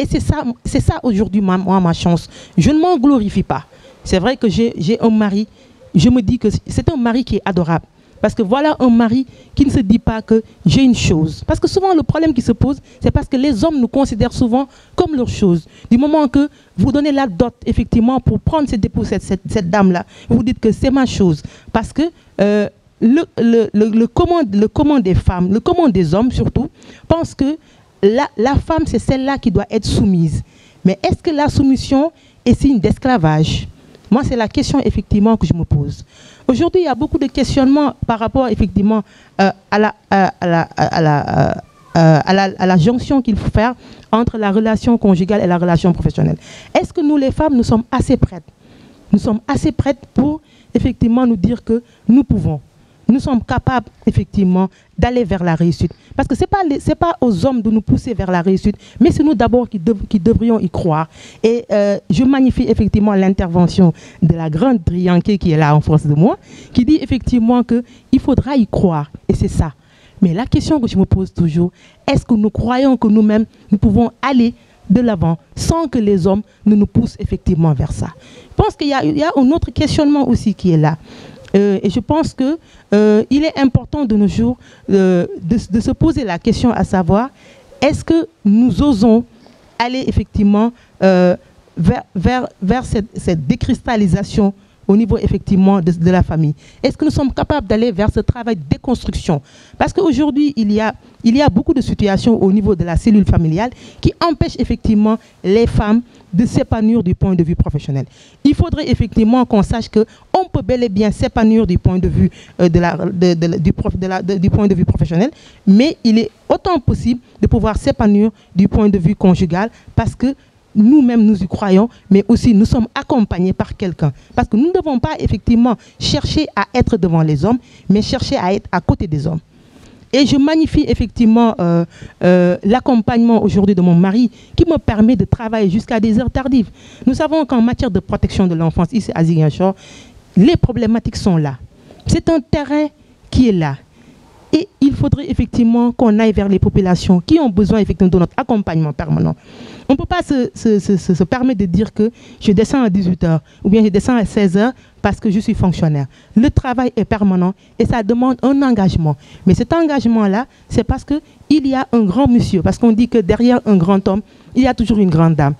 Et c'est ça, ça aujourd'hui, ma, moi, ma chance. Je ne m'en glorifie pas. C'est vrai que j'ai un mari, je me dis que c'est un mari qui est adorable. Parce que voilà un mari qui ne se dit pas que j'ai une chose. Parce que souvent, le problème qui se pose, c'est parce que les hommes nous considèrent souvent comme leur chose. Du moment que vous donnez la dot, effectivement, pour prendre cette dépôt, cette, dame-là, vous dites que c'est ma chose. Parce que euh, le, le, le, des femmes, le commande des hommes surtout, pense que la, femme, c'est celle-là qui doit être soumise. Mais est-ce que la soumission est signe d'esclavage Moi, c'est la question effectivement que je me pose. Aujourd'hui, il y a beaucoup de questionnements par rapport effectivement à, la, jonction qu'il faut faire entre la relation conjugale et la relation professionnelle. Est-ce que nous, les femmes, nous sommes assez prêtes Nous sommes assez prêtes pour effectivement nous dire que nous pouvons nous sommes capables effectivement d'aller vers la réussite. Parce que ce n'est pas, pas aux hommes de nous pousser vers la réussite, mais c'est nous d'abord qui, devrions y croire. Et euh, je magnifie effectivement l'intervention de la grande Drianke qui est là en face de moi, qui dit effectivement qu'il faudra y croire. Et c'est ça. Mais la question que je me pose toujours, est-ce que nous croyons que nous-mêmes, nous pouvons aller de l'avant sans que les hommes ne nous poussent effectivement vers ça Je pense qu'il y a un autre questionnement aussi qui est là. Euh, et je pense qu'il euh, est important de nos jours euh, de, se poser la question à savoir, est-ce que nous osons aller effectivement euh, vers, vers, vers cette, cette, décristallisation au niveau effectivement de, la famille Est-ce que nous sommes capables d'aller vers ce travail de déconstruction Parce qu'aujourd'hui, il, y a, il y a beaucoup de situations au niveau de la cellule familiale qui empêchent effectivement les femmes de s'épanouir du point de vue professionnel. Il faudrait effectivement qu'on sache que on peut bel et bien s'épanouir du point de vue euh, du, prof, du point de vue professionnel, mais il est autant possible de pouvoir s'épanouir du point de vue conjugal parce que nous-mêmes nous y croyons, mais aussi nous sommes accompagnés par quelqu'un. Parce que nous ne devons pas effectivement chercher à être devant les hommes, mais chercher à être à côté des hommes. Et je magnifie effectivement euh, euh, l'accompagnement aujourd'hui de mon mari qui me permet de travailler jusqu'à des heures tardives. Nous savons qu'en matière de protection de l'enfance, ici à Ziguinchor, les problématiques sont là. C'est un terrain qui est là. Et il faudrait effectivement qu'on aille vers les populations qui ont besoin effectivement de notre accompagnement permanent. On ne peut pas se, se, permettre de dire que je descends à 18h ou bien je descends à 16h parce que je suis fonctionnaire. Le travail est permanent et ça demande un engagement. Mais cet engagement-là, c'est parce qu'il y a un grand monsieur, parce qu'on dit que derrière un grand homme, il y a toujours une grande dame.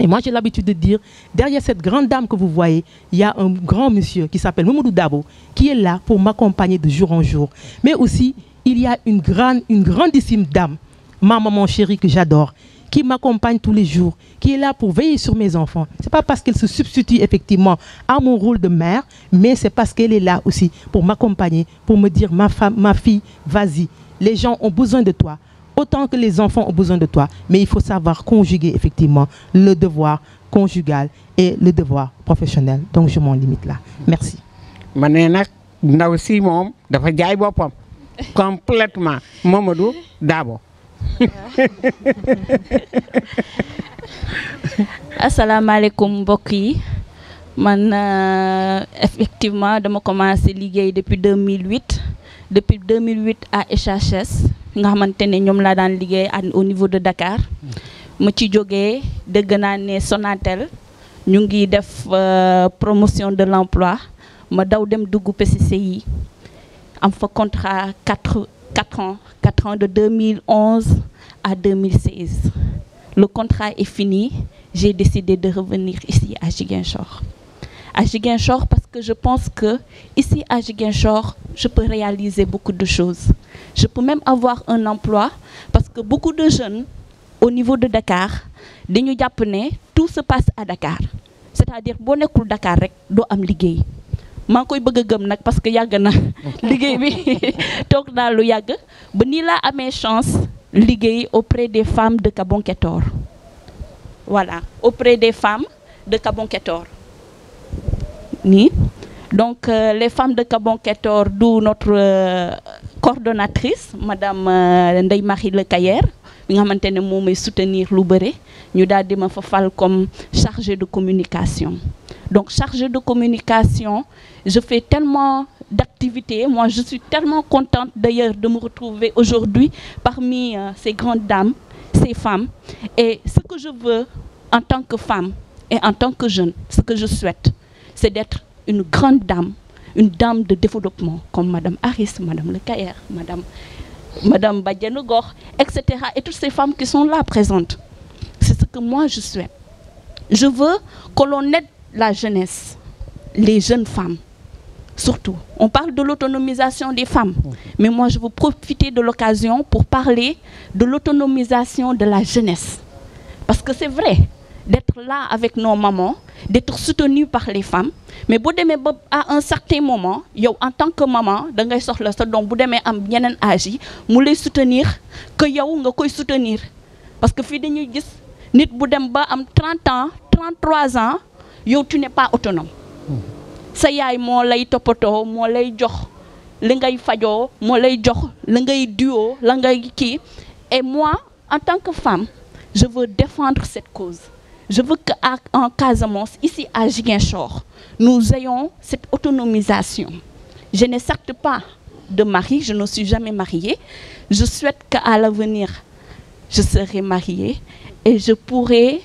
Et moi, j'ai l'habitude de dire, derrière cette grande dame que vous voyez, il y a un grand monsieur qui s'appelle Moumoudou Dabo, qui est là pour m'accompagner de jour en jour. Mais aussi, il y a une grande, une grandissime dame, ma maman chérie que j'adore, qui m'accompagne tous les jours, qui est là pour veiller sur mes enfants. Ce n'est pas parce qu'elle se substitue effectivement à mon rôle de mère, mais c'est parce qu'elle est là aussi pour m'accompagner, pour me dire, ma, femme, ma fille, vas-y, les gens ont besoin de toi autant que les enfants ont besoin de toi. Mais il faut savoir conjuguer effectivement le devoir conjugal et le devoir professionnel.
Donc je m'en limite là. Merci. [LAUGHS] complètement Mamadou Dabo d'abord.
[LAUGHS] alaikum yi man euh, effectivement dama commencé depuis 2008 depuis 2008 à HHS nga avons ne la laa daan liggéey au niveau de Dakar mm. ma ci joggé de naa Sonatel ñu ngi def euh, promotion de l'emploi ma daw dem dugg PCCI am fa contrat de 4 ans 4 ans de 2011 à 2016 le contrat est fini j'ai décidé de revenir ici à Ziguinchor à Giguinchor parce que je pense que ici à Giguinchor, je peux réaliser beaucoup de choses. Je peux même avoir un emploi parce que beaucoup de jeunes au niveau de Dakar, des New japonais tout se passe à Dakar c'est-à-dire boo nekkul Dakar rek faut am liggéey maa parce que je na [LAUGHS] en bi Donc, [LAUGHS] je lu yàgg ba nii laa auprès des femmes de Ketor. voilà auprès des femmes de Ketor ni donc euh, les femmes de 14 d'où notre euh, coordonnatrice madame euh, Ndeye Marie Le Cayer bi nga soutenir lu Nous ñu comme chargée de communication donc chargée de communication je fais tellement d'activités moi je suis tellement contente d'ailleurs de me retrouver aujourd'hui parmi ces grandes dames ces femmes et ce que je veux en tant que femme et en tant que jeune ce que je souhaite c'est d'être une grande dame, une dame de développement, comme Madame Harris, Madame Lecaire, Madame, Madame Badianogor, etc. Et toutes ces femmes qui sont là présentes. C'est ce que moi je souhaite. Je veux que l'on aide la jeunesse, les jeunes femmes, surtout. On parle de l'autonomisation des femmes, mais moi je veux profiter de l'occasion pour parler de l'autonomisation de la jeunesse. Parce que c'est vrai, d'être là avec nos mamans, d'être soutenu par les femmes mais boo demee ba à un certain moment yow en tant que maman da ngay soxla sa donc bu demee am yeneen âge yi mu lay soutenir que yow nga koy soutenir parce que fii dañuy gis nit bu dem ba am 30 ans 33 ans yow tu n'es pas autonome sa yay mo lay toppatoo mo lay jox li ngay fajo mo lay jox li ngay duo la ngay ki et moi en tant que femme je veux défendre cette cause je veux qu'en Casamance, ici à Giguinchor, nous ayons cette autonomisation. Je ne pas de mari, je ne suis jamais mariée. Je souhaite qu'à l'avenir, je serai mariée et je pourrai,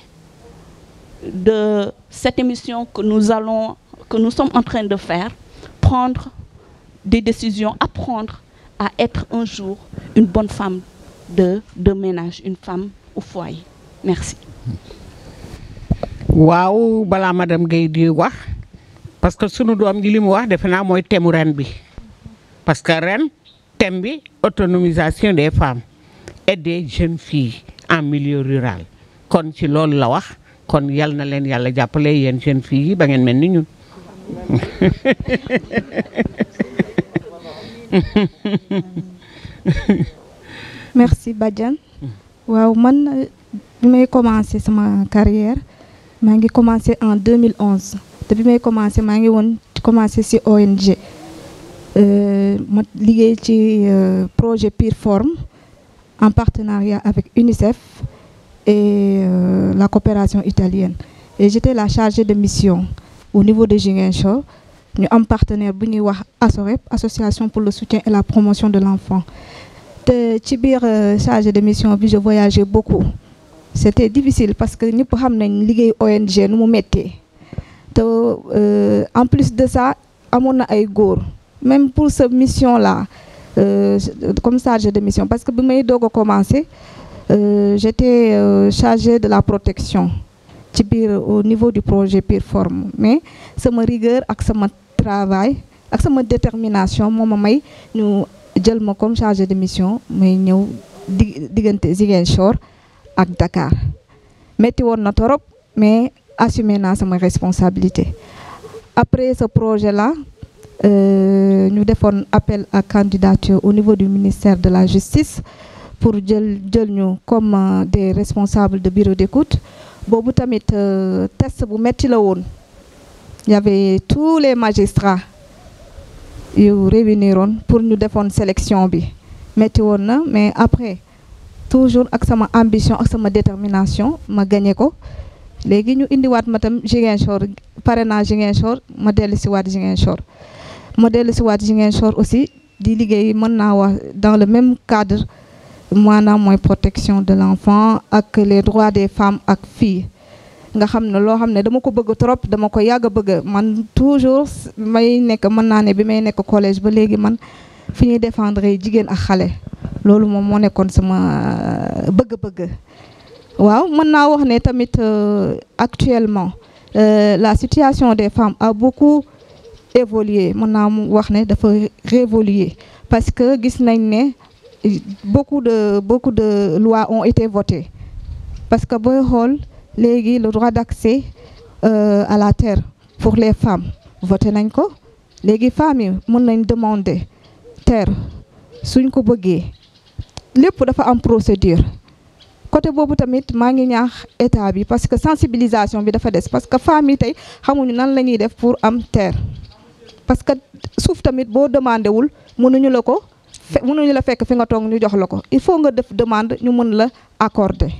de cette émission que nous, allons, que nous sommes en train de faire, prendre des décisions, apprendre à être un jour une bonne femme de, de ménage, une femme au foyer.
Merci. waaw balaa madame Guèye di wax parce que sunu doom ji li mu wax defe naa mooy temu ren bi parce que ren thème bi autonomisation des femmes et des jeunes filles en milieu rural kon ci loolu la wax kon yal na leen yàlla jàppale yéen jeunes filles yi ba ngeen mel ni ñun.
merci Badiane waaw man bi may commencé sama carrière J'ai commencé en 2011 depuis j'ai commencé j'ai commencé commencé ci ONG euh, ma sur ci euh, projet Pire-Forme en partenariat avec UNICEF et euh, la coopération italienne et j'étais la chargée de mission au niveau de Ziguinchor ñu am partenaire bu association pour le soutien et la promotion de l'enfant De ci la chargée de mission je voyageais beaucoup c'était difficile parce que nous xam une ligue ONG nous nous mettons. Euh, en plus de ça je na ay même pour cette mission là euh, comme chargé de mission parce que quand j'ai euh, j'étais chargé de la protection au niveau du projet Pirform mais sama rigueur ak travail ak sama détermination mon maman may ñu comme chargé de mission mais suis à Dakar Metti woon notre torop mais assumé na sama responsabilité après ce projet là nous euh, un appel à candidature au niveau du ministère de la justice pour jël jël comme euh, des responsables de bureau d'écoute Bobu tamit euh, test bu metti la il y avait tous les magistrats qui réuniront pour ñu une sélection bi metti woon mais après toujours avec ma ambition avec ma détermination ma gagné ko légui ñu indiwaat ma tam Ziguinchor pare naa Ziguinchor ma dellu si waat Ziguinchor ma dellu si waat Ziguinchor aussi di liggéey mën naa wax dans le même cadre maanaam moy protection de l'enfant ak les droits des femmes ak filles nga xamne lo xamne dama ko bëgg trop dama ko yaga bëgg man toujours may nek mën na ne bi may nek collège ba légui man Fini ñuy défendre jigéen ak xalé lolou mom mo nekkoon sama euh, bëgg-bëgg waaw mën naa wax ne tamit euh, actuellement euh, la situation des femmes a beaucoup évolué mën naa wax ne dafa révolué parce que gis nañ né beaucoup de beaucoup de lois ont été votées parce que boy xool légui le droit d'accès à la terre pour les femmes voté nañ ko légui femmes yi mën nañ demander terre suñ ko bëggee lépp dafa am procédure côté bobu tamit ma ngi ñaax état bi parce que sensibilisation bi dafa des parce que fami tay tey xamuñu nan lañuy def pour am terre parce que suuf tamit bo demandé wul mënuñu la ko mënuñu la fekk fi nga tok ñu jox la ko il faut nga def demande ñu mën la accorder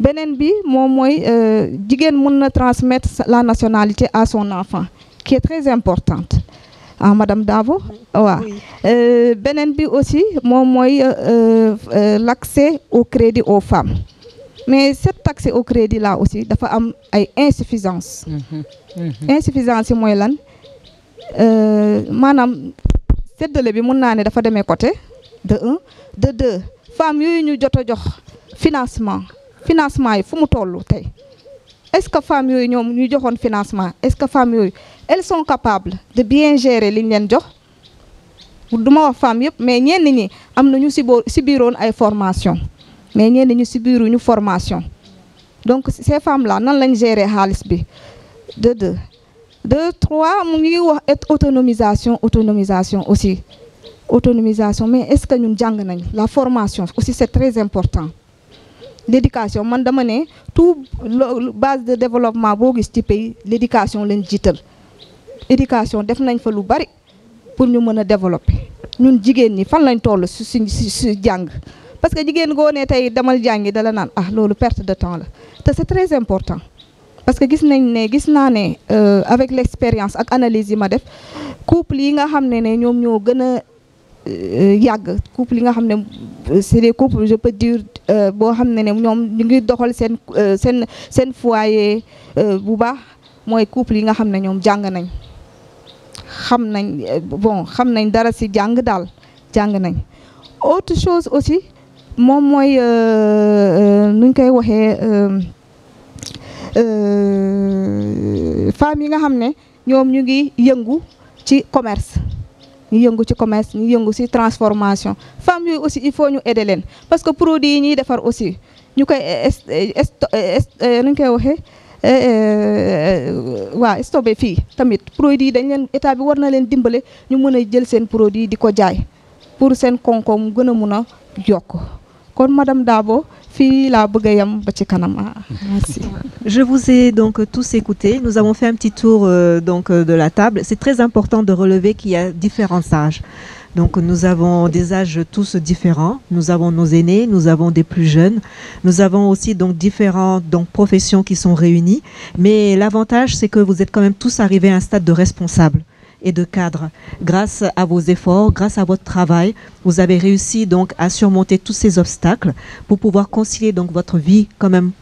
benen bi moom mooy euh, jigen mën na transmettre la nationalité à son enfant qui est très importante ah, madame Davo oui. Euh, beneen aussi euh, euh, l'accès au crédit aux femmes mais cet accès au crédit là aussi il y a une insuffisance insuffisance c'est moi Euh, Madame, cette bi Je naa de dafa côté de un de deux femmes ont ñu de financement financement yi faut mu toll est-ce que femmes yooyu ñoom ñu financement est-ce que femmes elles sont capables de bien gérer liñ leen jox du ma wax femmes mais ñenn ñi am nous ñu ay formation mais avons ñu une formation donc ces femmes là nan lañ géré xaalis bi de deux de trois mu ngi wax autonomisation autonomisation aussi autonomisation mais est-ce que nous avons la formation aussi c'est très important l'éducation man dama né tout base de développement bo gis ci pays l'éducation leen jiital éducation def nañ fa lu bari pour ñu mëna développer ñun jigen ni fan lañ toll su su jang parce que jigen goone ne damal jangi jàngi dala nan, ah lolu perte de temps la te c'est très important parce que gis nañ né gis naa euh, avec l'expérience ak analyse yi ma def couple yi nga xamné né ñom ñoom ñoo gën euh, yag couple yi nga xamné c'est des couples je peux dire Euh, boo xam ne ne ñoom ñu ngi doxal seen euh, seen seen foyer euh, bu baax mooy couple yi nga xam ne ñoom jàng nañ xam nañ bon xam nañ dara si jàng daal jàng nañ autre chose aussi moom mooy nuñ koy waxee femmes yi nga xam ne ñoom ñu ngi yëngu ci commerce ñu yëngu ci commerce ñu yëngu ci transformation femmes yooyu aussi il faut ñu aider leen parce que produit yi ñuy defar aussi ñu koy eh, eh, eh, nuñ koy waxee waaw stocké fii tamit produit yi dañ leen état bi war na leen dimbale ñu mën a jël seen produit di ko jaay pour seen koom-koom gën a mun a yokk kon madame Dabo Ah,
Je vous ai donc tous écoutés. Nous avons fait un petit tour euh, donc euh, de la table. C'est très important de relever qu'il y a différents âges. Donc nous avons des âges tous différents. Nous avons nos aînés, nous avons des plus jeunes. Nous avons aussi donc différentes donc professions qui sont réunies. Mais l'avantage c'est que vous êtes quand même tous arrivés à un stade de responsable et de cadres. Grâce à vos efforts, grâce à votre travail, vous avez réussi donc à surmonter tous ces obstacles pour pouvoir concilier donc votre vie quand même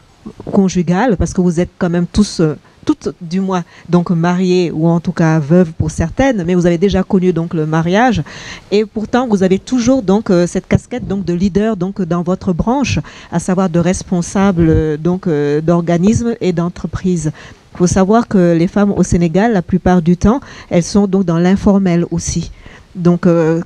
conjugale, parce que vous êtes quand même tous euh, toutes du moins donc mariées ou en tout cas veuves pour certaines, mais vous avez déjà connu donc le mariage et pourtant vous avez toujours donc euh, cette casquette donc de leader donc dans votre branche, à savoir de responsable euh, donc d'organismes et d'entreprises. Il faut savoir que les femmes au Sénégal, la plupart du temps, elles sont donc dans l'informel aussi. Donc, euh,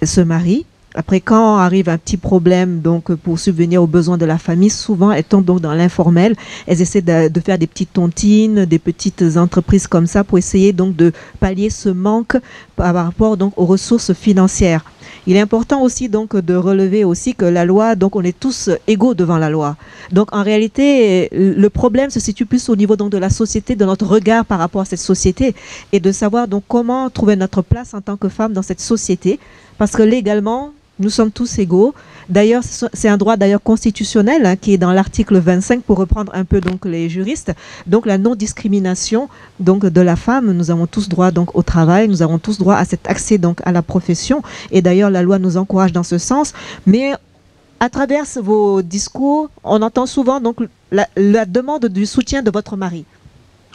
elles se marient. Après, quand arrive un petit problème donc pour subvenir aux besoins de la famille, souvent elles tombent donc dans l'informel. Elles essaient de, faire des petites tontines, des petites entreprises comme ça pour essayer donc de pallier ce manque par rapport aux ressources financières. Il est important aussi donc de relever aussi que la loi, donc on est tous égaux devant la loi. Donc en réalité, le problème se situe plus au niveau donc de la société, de notre regard par rapport à cette société et de savoir donc comment trouver notre place en tant que femme dans cette société. Parce que légalement, nous sommes tous égaux. D'ailleurs, c'est un droit d'ailleurs constitutionnel hein, qui est dans l'article 25 pour reprendre un peu donc les juristes. Donc la non-discrimination de la femme, nous avons tous droit donc au travail, nous avons tous droit à cet accès donc à la profession. Et d'ailleurs, la loi nous encourage dans ce sens. Mais à travers vos discours, on entend souvent donc la, demande du soutien de votre mari,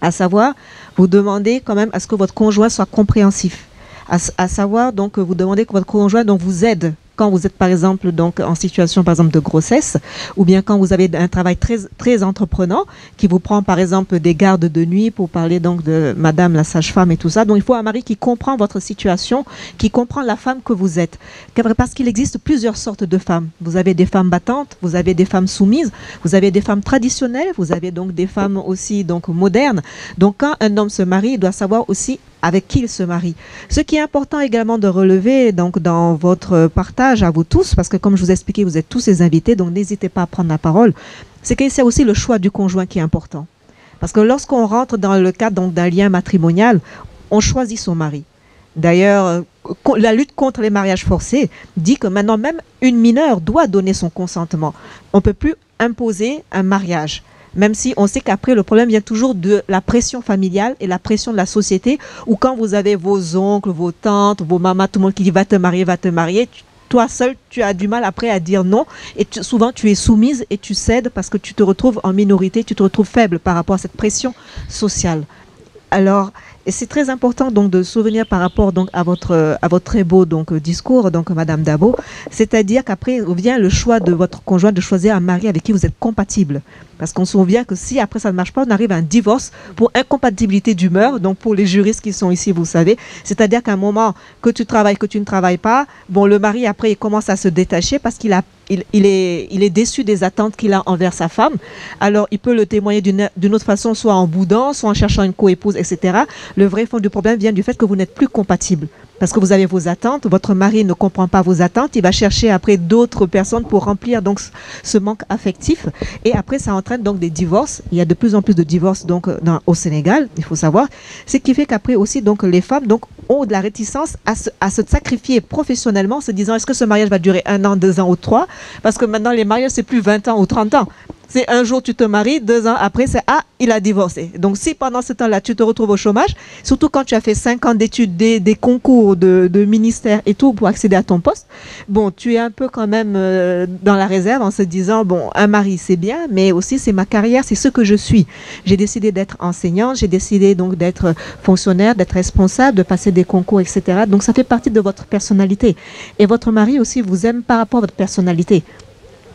à savoir vous demandez quand même à ce que votre conjoint soit compréhensif. À, savoir donc vous demandez que votre conjoint donc vous aide quand vous êtes par exemple donc en situation par exemple de grossesse ou bien quand vous avez un travail très très entreprenant qui vous prend par exemple des gardes de nuit pour parler donc de madame la sage-femme et tout ça. Donc il faut un mari qui comprend votre situation, qui comprend la femme que vous êtes. Parce qu'il existe plusieurs sortes de femmes. Vous avez des femmes battantes, vous avez des femmes soumises, vous avez des femmes traditionnelles, vous avez donc des femmes aussi donc modernes. Donc quand un homme se marie, il doit savoir aussi avec qui il se marie Ce qui est important également de relever donc dans votre partage à vous tous, parce que comme je vous ai expliqué, vous êtes tous les invités, donc n'hésitez pas à prendre la parole, c'est que c'est aussi le choix du conjoint qui est important. Parce que lorsqu'on rentre dans le cadre d'un lien matrimonial, on choisit son mari. D'ailleurs, euh, la lutte contre les mariages forcés dit que maintenant même une mineure doit donner son consentement. On ne peut plus imposer un mariage. Même si on sait qu'après, le problème vient toujours de la pression familiale et la pression de la société, où quand vous avez vos oncles, vos tantes, vos mamans, tout le monde qui dit va te marier, va te marier, toi seul, tu as du mal après à dire non. Et souvent, tu es soumise et tu cèdes parce que tu te retrouves en minorité, tu te retrouves faible par rapport à cette pression sociale. Alors, et c'est très important donc de souvenir par rapport donc à votre à votre très beau donc discours donc Madame Dabo, c'est-à-dire qu'après vient le choix de votre conjoint de choisir un mari avec qui vous êtes compatible. Parce qu'on se souvient que si après ça ne marche pas, on arrive à un divorce pour incompatibilité d'humeur. Donc pour les juristes qui sont ici, vous savez, c'est-à-dire qu'à un moment que tu travailles, que tu ne travailles pas, bon le mari après il commence à se détacher parce qu'il a il, est, il est déçu des attentes qu'il a envers sa femme. Alors, il peut le témoigner d'une autre façon, soit en boudant, soit en cherchant une coépouse, etc. Le vrai fond du problème vient du fait que vous n'êtes plus compatible parce que vous avez vos attentes, votre mari ne comprend pas vos attentes, il va chercher après d'autres personnes pour remplir donc ce manque affectif et après ça entraîne donc des divorces, il y a de plus en plus de divorces donc euh, au Sénégal, il faut savoir, ce qui fait qu'après aussi donc les femmes donc ont de la réticence à se, sacrifier professionnellement en se disant est-ce que ce mariage va durer un an, deux ans ou trois parce que maintenant les mariages c'est plus 20 ans ou 30 ans c'est un jour tu te maries, deux ans après, c'est ah, il a divorcé. Donc si pendant ce temps-là, tu te retrouves au chômage, surtout quand tu as fait cinq ans d'études, des, concours de, ministère et tout pour accéder à ton poste, bon, tu es un peu quand même euh, dans la réserve en se disant, bon, un mari, c'est bien, mais aussi c'est ma carrière, c'est ce que je suis. J'ai décidé d'être enseignante, j'ai décidé donc d'être fonctionnaire, d'être responsable, de passer des concours, etc. Donc ça fait partie de votre personnalité. Et votre mari aussi vous aime par rapport à votre personnalité.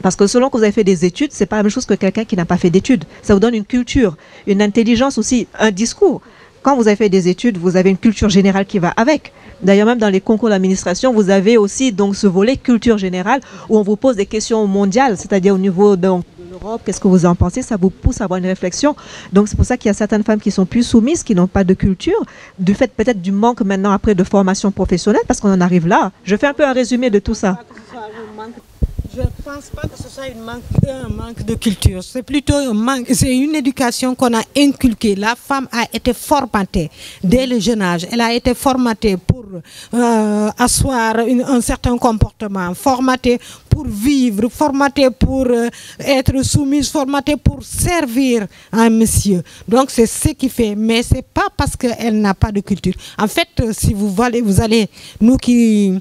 Parce que selon que vous avez fait des études, c'est pas la même chose que quelqu'un qui n'a pas fait d'études. Ça vous donne une culture, une intelligence aussi, un discours. Quand vous avez fait des études, vous avez une culture générale qui va avec. D'ailleurs, même dans les concours d'administration, vous avez aussi donc ce volet culture générale où on vous pose des questions mondiales, c'est-à-dire au niveau de l'Europe, qu'est-ce que vous en pensez Ça vous pousse à avoir une réflexion. Donc c'est pour ça qu'il y a certaines femmes qui sont plus soumises, qui n'ont pas de culture, du fait peut-être du manque maintenant après de formation professionnelle, parce qu'on en arrive là. Je fais un peu un résumé de tout ça.
Je ne pense pas que ce soit manque, un manque de culture. C'est plutôt un manque, c'est une éducation qu'on a inculquée. La femme a été formatée dès le jeune âge. Elle a été formatée pour euh, asseoir un certain comportement, formatée pour vivre, formatée pour euh, être soumise, formatée pour servir un monsieur. Donc c'est ce qui fait. Mais c'est pas parce qu'elle n'a pas de culture. En fait, si vous allez, vous allez, nous qui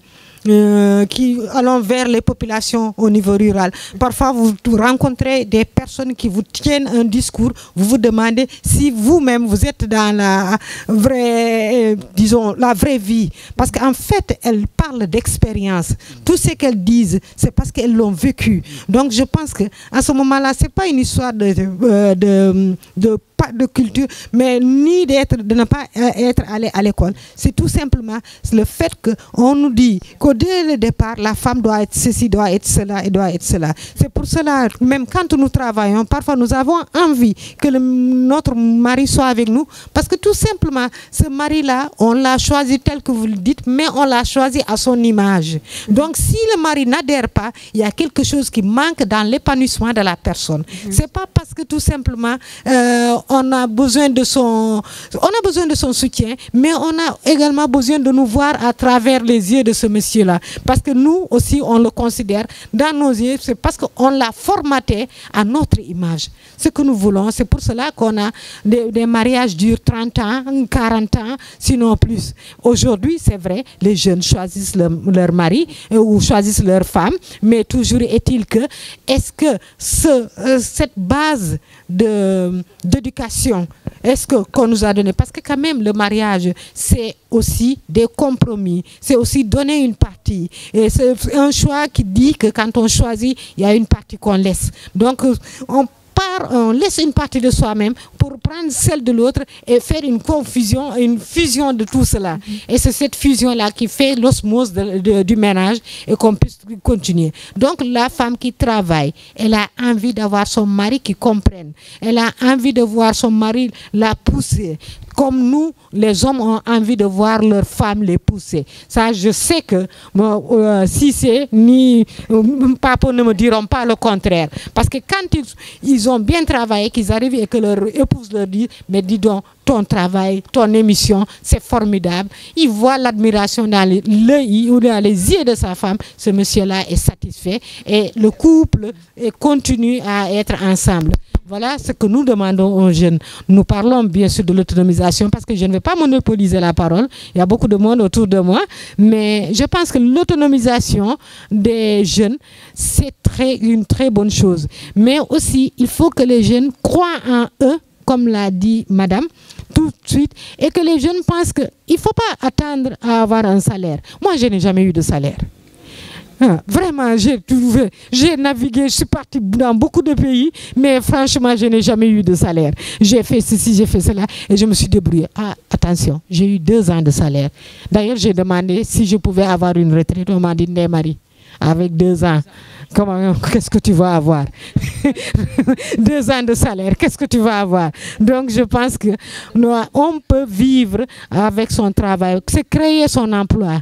euh, qui allons vers les populations au niveau rural. Parfois, vous rencontrez des personnes qui vous tiennent un discours, vous vous demandez si vous-même vous êtes dans la vraie, euh, disons, la vraie vie. Parce qu'en fait, elles parlent d'expérience. Tout ce qu'elles disent, c'est parce qu'elles l'ont vécu. Donc, je pense que à ce moment-là, c'est pas une histoire de, euh, de, de pas de culture, mais ni d'être, de ne pas euh, être allé à l'école. C'est tout simplement le fait qu'on nous dit qu'au le départ, la femme doit être ceci, doit être cela et doit être cela. C'est pour cela, même quand nous travaillons, parfois nous avons envie que notre mari soit avec nous, parce que tout simplement, ce mari-là, on l'a choisi tel que vous le dites, mais on l'a choisi à son image. Donc si le mari n'adhère pas, il y a quelque chose qui manque dans l'épanouissement de la personne. Ce mhm. n'est C'est pas parce que tout simplement euh, on a besoin de son, on a besoin de son soutien, mais on a également besoin de nous voir à travers les yeux de ce monsieur-là. Parce que nous aussi, on le considère dans nos yeux, c'est parce qu'on l'a formaté à notre image. Ce que nous voulons, c'est pour cela qu'on a des, des, mariages durent 30 ans, 40 ans, sinon plus. Aujourd'hui, c'est vrai, les jeunes choisissent leur mari euh, ou choisissent leur femme, mais toujours est-il que, est-ce que ce, euh, cette base d'éducation est-ce que qu'on nous a donné Parce que quand même, le mariage, c'est aussi des compromis, c'est aussi donner une partie. Et c'est un choix qui dit que quand on choisit, il y a une partie qu'on laisse. Donc, on on laisse une partie de soi-même pour prendre celle de l'autre et faire une confusion, une fusion de tout cela. Mhm. Et c'est cette fusion-là qui fait l'osmose du ménage et qu'on puisse continuer. Donc la femme qui travaille, elle a envie d'avoir son mari qui comprenne. Elle a envie de voir son mari la pousser comme nous, les hommes, ont envie de voir leurs femmes les pousser. Ça, je sais que euh, si c'est ni euh, papa ne me diront pas le contraire. Parce que quand ils, ont bien travaillé, qu'ils arrivent et que leur épouse leur dit, mais dis donc, ton travail, ton émission, c'est formidable. Ils voient l'admiration dans ou dans les yeux de sa femme. Ce monsieur-là est satisfait et le couple continue à être ensemble. Voilà ce que nous demandons aux jeunes. Nous parlons bien sûr de l'autonomisation parce que je ne vais pas monopoliser la parole. Il y a beaucoup de monde autour de moi. Mais je pense que l'autonomisation des jeunes, c'est très, une très bonne chose. Mais aussi, il faut que les jeunes croient en eux, comme l'a dit madame, tout de suite, et que les jeunes pensent qu'il ne faut pas attendre à avoir un salaire. Moi, je n'ai jamais eu de salaire. Hein, vraiment, j'ai trouvé, j'ai navigué, je suis parti dans beaucoup de pays, mais franchement, je n'ai jamais eu de salaire. J'ai fait ceci, j'ai fait cela, et je me suis débrouillée. Ah, attention, j'ai eu deux ans de salaire. D'ailleurs, j'ai demandé si je pouvais avoir une retraite. On m'a dit, Marie, avec deux ans, comment, qu'est-ce que tu vas avoir [LAUGHS] Deux ans de salaire, qu'est-ce que tu vas avoir Donc, je pense que on peut vivre avec son travail, c'est créer son emploi.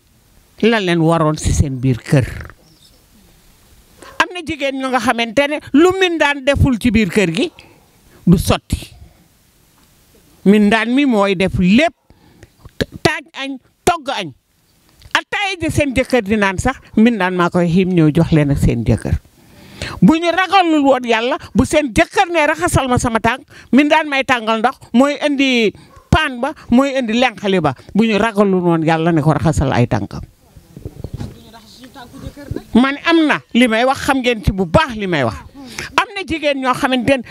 la leen waroon ci seen biir kër am na jigéen ñu nga xamante ne lu min daan deful ci biir kër gi du sotti min daan mi mooy def lépp taaj añ togg añ ataaya ji seen jëkkër di naan sax min daan maa koy xiim ñëw jox leen ak seen jëkkër bu ñu ragalul woon yàlla bu seen jëkkër ne raxasal ma sama tànk min daan may tàngal ndox mooy indi paan ba mooy indi lenqali ba bu ñu ragalul woon yàlla ne ko raxasal ay tànkam man am na li may wax xam ngeen ci bu baax li may wax am na jigéen ñoo xamante ne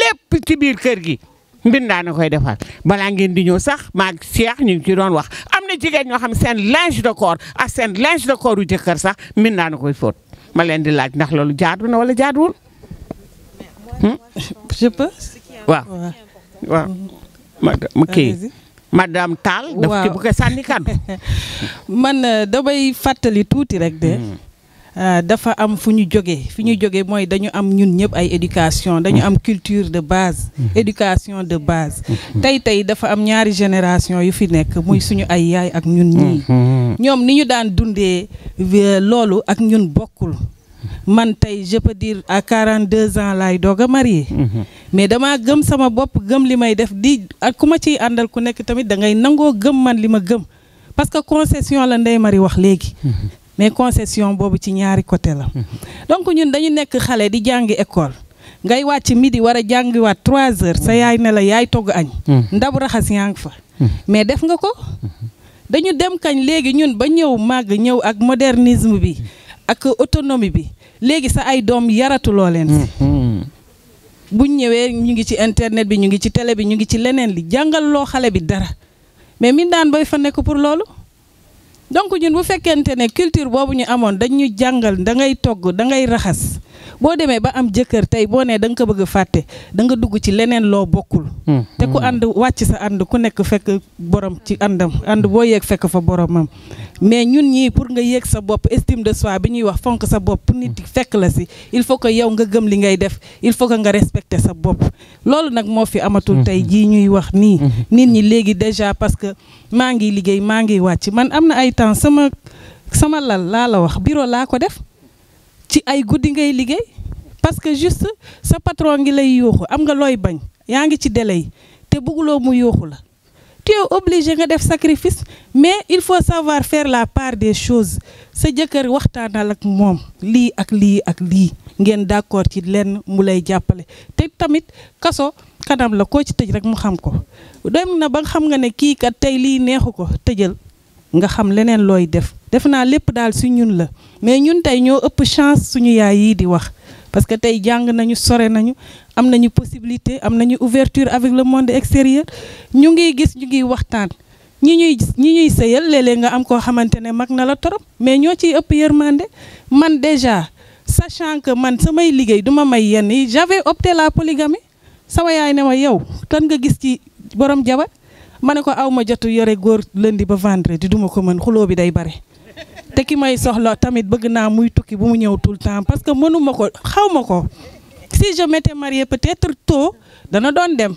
lépp ci biir kër gi mbin mbindaana koy defar balaa ngeen di ñëw sax maag Cheikh ñu ngi ci doon wax am na jigéen ñoo xam seen linge de corps ak seen linge de corps u jëkkër sax mbindaana koy fóot ma leen di laaj ndax loolu jaadu na wala jaaduwul. Hmm? je peux. waaw
waaw.
ma kii
madame daf ci bëgg a sànni kaddu. [LAUGHS] man euh, damay fàttali tuuti rek de. Hmm. Euh, dafa am fu ñu jóge fu ñu jóge mooy dañu am ñun ñëpp ay éducation dañu am culture de base mhm. éducation de base mhm. tey tey dafa am ñaari génération yu fi nekk muy suñu ay yaay ak ñun ñii mhm. ñoom ni ñu daan dundee euh, loolu ak ñun bokkul man tey je peux dire à 42 ans laay doog a marié mais damaa gëm sama bopp gëm li may def di ak ku ma ciy àndal ku nekk tamit da ngay nangoo gëm man li ma gëm parce que concession la Ndeye Marie wax léegi mais concession boobu ci ñaari côté la. Mm-hmm. donc ñun dañu nekk xale di jàngi école. ngay wàcc midi war a jàngiwaat trois heures sa mm-hmm. yaay ne la yaay togg añ. Mm-hmm. ndabu raxas yaa fa. mais def nga ko. dañu dem kañ léegi ñun ba ñëw màgg ñëw ak modernisme bi ak autonomie bi léegi sa ay doom yaratuloo leen si. buñ ñëwee ñu ngi ci internet bi ñu ngi ci télé bi ñu ngi ci leneen li jàngal xale bi dara mais min daan bay fa nekk pour loolu. donc ñun bu fekkente ne culture boobu ñu amoon dañu jàngal da ngay togg da ngay raxas boo demee ba am jëkkër tey boo nee da ko bëgg a fàtte da nga dugg ci leneen loo bokkul. Hmm. te ku ànd wàcc sa ànd ku nekk fekk borom ci àndam ànd boo yeeg fekk fa boromam. mais ñun ñii pour nga yéeg sa bopp estime de soi bi ñuy wax fonk sa bopp pour nit fekk la si il faut que yow nga gëm li ngay def il faut que nga respecter sa bopp. loolu nag moo fi amatul tey hmm. jii ñuy wax nii. Hmm. nit ñi léegi déjà parce que maa ngi liggéey maa ngi wàcc man am na ay temps sama sama lal laa la wax bureau laa ko def. ci ay goudi ngay liggéey parce que juste sa patron ngi lay yoxu am nga loy bañ yaa ngi ci délai te mu yoxu la tu es obligé nga def sacrifice mais il faut savoir faire la part des choses sa jëkkër waxtaanal ak mom li ak li ak li ngeen d'accord ci lenn mu lay jappalé te tamit kaso kanam la ko ci tej rek mu xam ko dem na ba xam nga ne ki kat tay li neexu ko nga xam leneen looy def def naa lépp daal si ñun la mais ñun tey ñoo ëpp chance suñu yaay yii di wax parce que tey jàng nañu sore nañu am nañu possibilité am nañu ouverture avec le monde extérieur ñu ngi gis ñu ngi waxtaan ñi ñuy ñi ñuy sëyal nga am koo xamante ne mag na la torop mais ñoo ciy ëpp yërmande man déjà sa que man samay liggéey du may yenn yi j'avais opté la polygamie sama yaay ne ma yow tan nga gis ci borom jabar mané ko awma jottu yoré gor lundi ba vendredi duma ko man xulo bi day je té ki may soxlo tamit bëgg si muy tukki bu mu ñëw tout le temps parce que mënu si je m'étais mariée peut-être tôt dana don dem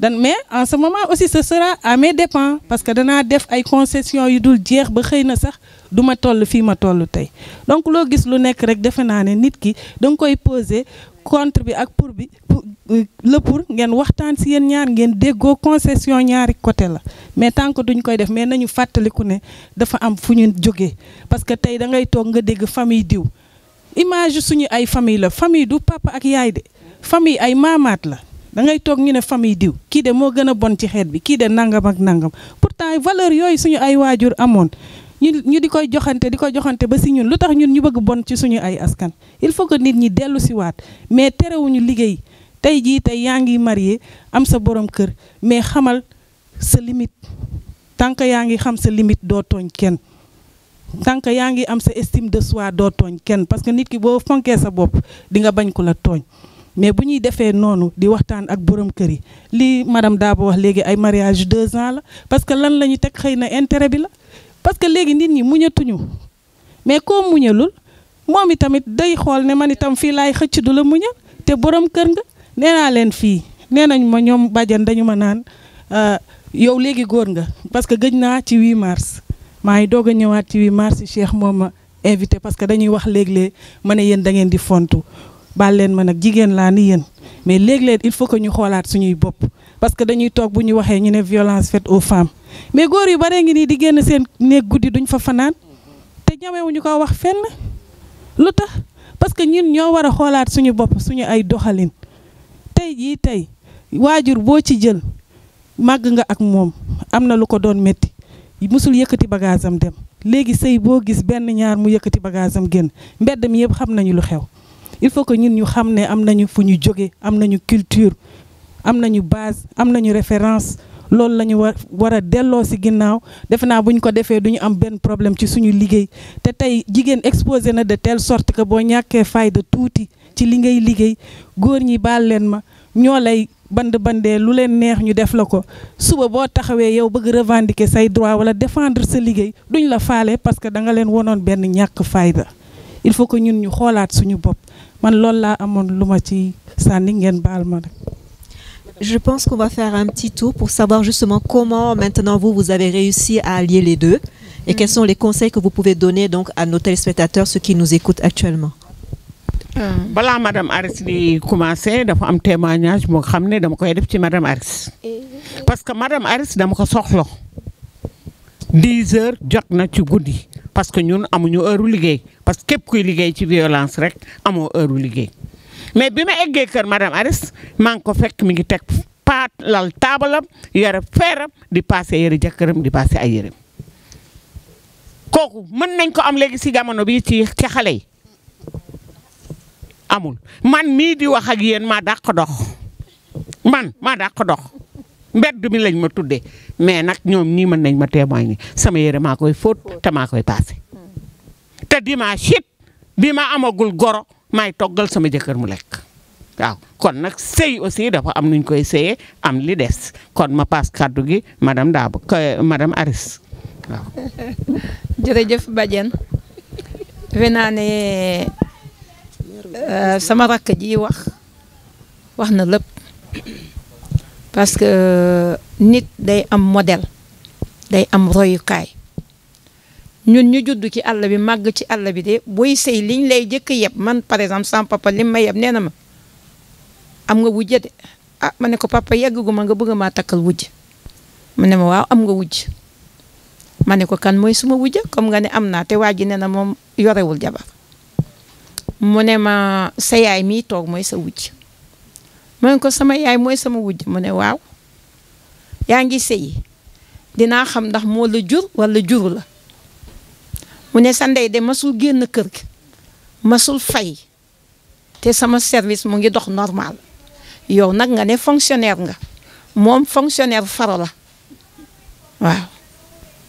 dan mais en ce moment aussi ce sera à mes dépens parce que vais def ay concessions yu dul jeex ba xeyna sax duma ma je ma toll tay donc lo gis lu nekk rek defé na né nit ki dang koy poser contre bi ak pour bi euh, le pour ngeen waxtaan si yéen ñaar ngeen déggoo concession ñaari côté la mais tant que duñ koy def mais nañu fàttaliku ne dafa am fu ñu jógee parce que tey da ngay toog nga dégg famille diw image suñu ay famille la famille du papa ak yaay de famille ay maamaat la da ngay toog ñu ne famille diw kii de moo gën a bon ci xeet bi kii de nangam ak nangam pour temps valeur yooyu suñu ay waajur amoon ñu ñu di koy joxante di koy joxante ba si ñun lu tax ñun ñu bëgg bon ci suñu ay askan il faut que nit ñi dellu si waat mais terewuñu liggéey tey jii tey yaa ngi marié am sa borom kër mais xamal sa limite tant yaa ngi xam sa limite doo tooñ kenn tant yaa ngi am sa estime de soi doo tooñ kenn parce que nit ki boo fonkee sa bopp dinga bañ ku la tooñ mais bu ñuy defee noonu di waxtaan ak borom kër yi lii daa Dabo wax léegi ay mariage deux ans la parce que lan la ñu teg xëy na intérêt bi la parce que léegi nit ñi muñatuñu mais koo muñalul moom itamit day xool ne man itam fii laay xëcc du la muña te borom kër nga nee naa leen fii nee nañ ma ñoom bàjjan dañu ma naan euh, yow léegi góor nga parce que gëj naa ci 8 mars maa ngi doog a ñëwaat ci 8 mars Cheikh moom ma invité parce que dañuy wax léeg ma ne yéen da ngeen di fontu baal leen ma nag jigéen laa ni yéen mais léeg il faut que ñu xoolaat suñuy bopp parce que dañuy toog bu ñu waxee ñu ne violence faite aux femmes. mais góor yu baree ngi nii di génn seen néeg guddi duñ fa fanaan te ñamewuñu ko wax fenn lu tax parce que ñun ñoo war a xoolaat suñu bopp suñu ay doxalin tey jii tey waajur boo ci jël màgg nga ak moom am na lu ko doon métti musul yëkkati bagage am dem léegi sëy boo gis benn ñaar mu yëkkati bagage am génn mbedd mi yëpp xam nañu lu xew il faut que ñun ñu xam ne am nañu fu ñu jóge am nañu culture am nañu base am nañu référence loolu la ñu war war a delloo si ginnaaw defe naa bu ñu ko defee du ñu am benn problème ci suñu liggéey te tey jigéen exposé na de tell sorte que boo ñàkkee fayda tuuti ci li ngay liggéey góor ñi baal leen ma ñoo lay band bandee lu leen neex ñu def la ko suba boo taxawee yow bëgg revendiquer say droit wala défendre sa liggéey duñ la faale parce que da nga leen wonoon benn ñàkk fayda il faut que ñun ñu xoolaat suñu bopp man loolu laa amoon lu ma ci sànni ngeen baal ma
je pense qu'on va faire un petit tour pour savoir justement comment maintenant vous, vous avez réussi à allier les deux et quels sont les conseils que vous pouvez donner donc à nos téléspectateurs, ceux qui nous écoutent actuellement.
Voilà euh. madame Aris de commencé dafa un témoignage je suis ne dama koy def madame Aris eh. parce que madame Aris je ko soxlo 10 heures je na ci parce que nous, ñun amuñu heure liggéey parce que képp kuy sur ci violence rek amoo heure mais bima eggé kër madame Aris man ko fekk mi ngi tek pat lal table yara fera di passer yere jëkërëm di passer ay yëreem koku mën nañ ko am légui ci gamono bi ci ci xalé amul man mi di wax ak yeen ma dakk dox man ma dakk dox mbedd mi lañ ma tuddé mais nak ñom ñii mën nañ ma témoigner sama yére ma koy fóot ta ma koy passé te dimanche amagul goro. maay toggal sama jëkkër mu lekk waaw kon nag sëy aussi dafa am nuñ koy sëyee am li des kon ma paas kàddu gi madame Dabo madame Aris waaw.
[LAUGHS] jërëjëf Badiane defe naa ne euh, sama rakk ji wax wax na lépp parce que nit day am modèle day am royukaay. ñun ñu judd ci àll bi màgg ci àll bi de booy sey liñ lay jëkk yeb man par exemple sama papa lim ma yeb nee na ma am nga wujje de ah ma ne ko papa yeggagu ma nga bëgg maa takkal wujj mu ne ma waaw am nga wujj ma ne ko kan mooy suma wujja comme nga ne am naa te waa ji nee na moom yorewul jabar mu ne ma sa yaay mii toog mooy sa wujj ma ko sama yaay mooy sama wujj mu ne waaw yaa ngi sëy dinaa xam ndax moo la jur wala juru la mu ne sa ndey de masul génn kër gi masul fay te sama service mu ngi dox normal yow nag nga ne fonctionnaire nga moom fonctionnaire faro la waaw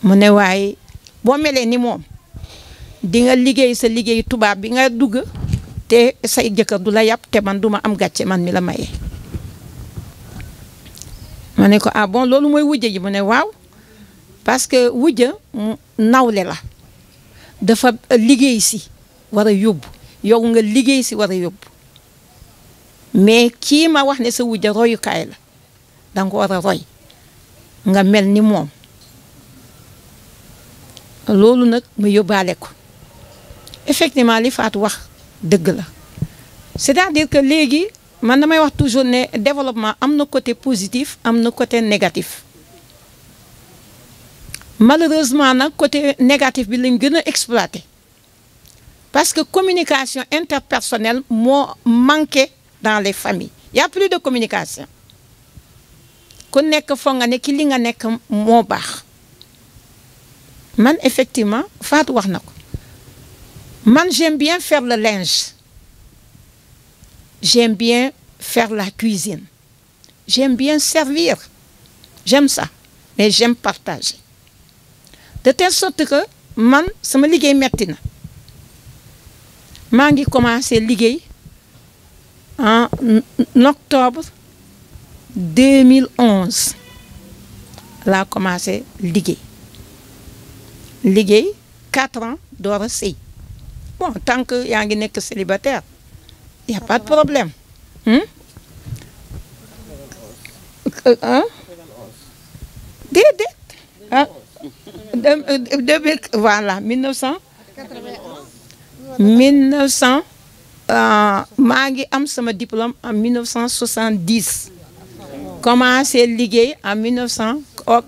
mu ne waaye boo melee ni moom di nga liggéey sa liggéey tubaab bi nga dugg te say jëkkër du la yàpp te man duma am gàcce man mi la maye. ma ne ko ah bon loolu mooy wujja ji mu ne waaw parce que wujja nawle la dafa liggéey si war a yóbbu yow nga liggéey si war a yóbbu mais kii ma wax ne sa wujja royukaay la danga ko war a roy nga mel ni moom loolu nag mu yóbbaale ko effectivement li Fatou wax dëgg la c'est-à-dire que léegi man may wax toujours ne développement am na côté positif am na côté négatif malheureusement le côté négatif bi est exploité parce que la communication interpersonnelle manque dans les familles Il n'y a plus de communication ku nga ne ki li man effectivement j'aime bien faire le linge j'aime bien faire la cuisine j'aime bien servir j'aime ça mais j'aime partager de telle sorte que man sama liguey metti na mangi à commencé en octobre 2011 laa commencé liguey liguey quatre ans d'ora a bon tant que a ngi célibataire, célibataire y a pas de problème hmm? euh, Hein? déedéet Hein? de voilà, 1900. 1900. Euh, a diplôme en 1970. commencé ligué en 1971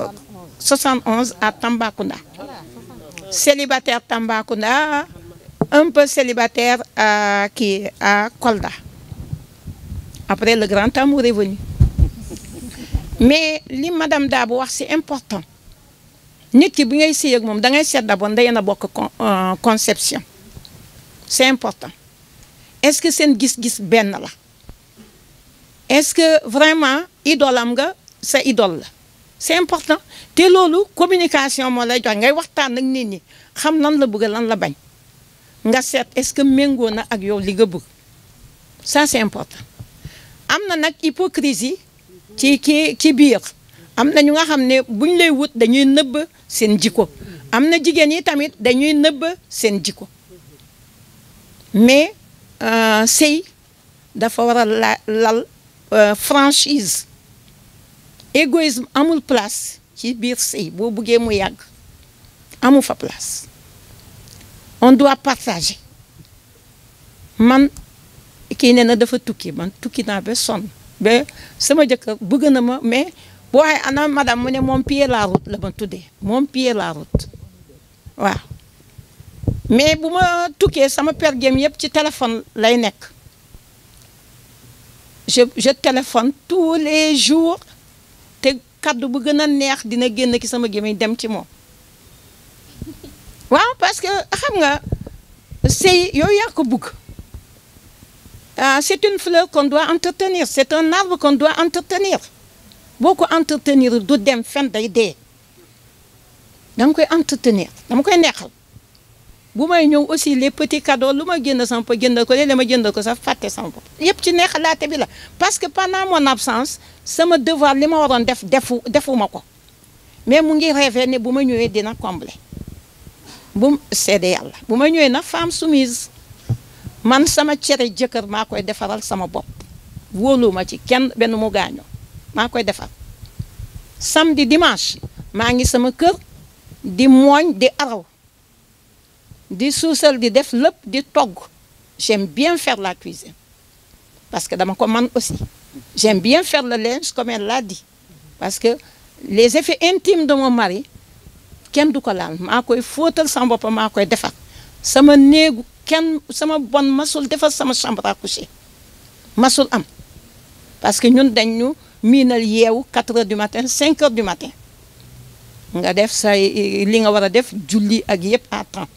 euh, à Tambacounda. célibataire Tambacounda un peu célibataire à à Kolda. après le grand amour est venu mais madame d'abord, c'est important nit ki bi ngay sey ak mom da ngay set d'abord ndey na bok euh, conception c'est important est-ce que sen gis-gis ben la est-ce que vraiment idole am nga sa idole la c'est important té loolu communication mo lay jox ngay waxtan ak nit ñi xam nan la bëgg lan la bañ nga set est-ce que Mengo na ak yow li nga bëgg ça c'est important amna nak hypocrisie ci ki ki biir amna ñu nga xam buñ lay wut dañuy neub sen djiko amna na yi tamit dañuy neub sen djiko mais euh, sey dafa war la lal euh, franchise égoïsme amul place ci bir sey bo buggee mu yag amu fa place on doit partager man kii nee na dafa tukki man tukki na be son be sama jëkkër bëgg na ma mais oui, madame mon ne pied la route le bantou tuddee Mon pied la route Voilà. mais me ma ça me pergame yëpp ci téléphone lay petit je je téléphone tous les jours te cadre bu gën a neex dina génn ki sama gémmiñ dem ci moom waaw parce que xam nga sëy yooyu yaa ko ah, c'est une fleur qu'on doit entretenir c'est un arbre qu'on doit entretenir boko entretenir du dem fen day koy entretenir dama koy buma aussi les petits cadeaux luma sama ko ko bi la parce que pendant mon absence sama devoir lima waron def defu mais mu ngi rêvé dina combler bu cédé yalla buma ñewé femme soumise man sama koy sama ci kenn mu maa koy defar samedi dimanche je ngi sama kër di moigne, di araw di soussel, di def lépp di togg j'aime bien faire la cuisine parce que dama ko aussi j'aime bien faire le linge comme elle l'a dit parce que les effets intimes de mon mari ken du ko laal maa koy fóotal sama boppam maa koy defar sama negu ken sama bon masul defar sama chambre à coucher masul am parce que ñun dañ ñu miinal yeewu 4 heures du matin 5 heures du matin nga def say li nga wara def julli ak yep à temps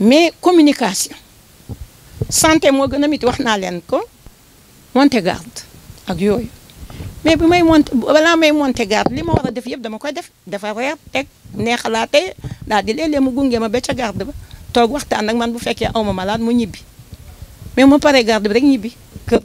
mais communication santé mo gëna mit wax na len ko monter garde ak yoy. mais bu may monter balaa may monter garde li ma wara def yep dama koy def dafa reer tek neexalaate daal di léeg mu gungé ma ba garde ba tok waxtan ak man bu féké awma malade mu ñibi. mais mo paré garde rek ñibi. kër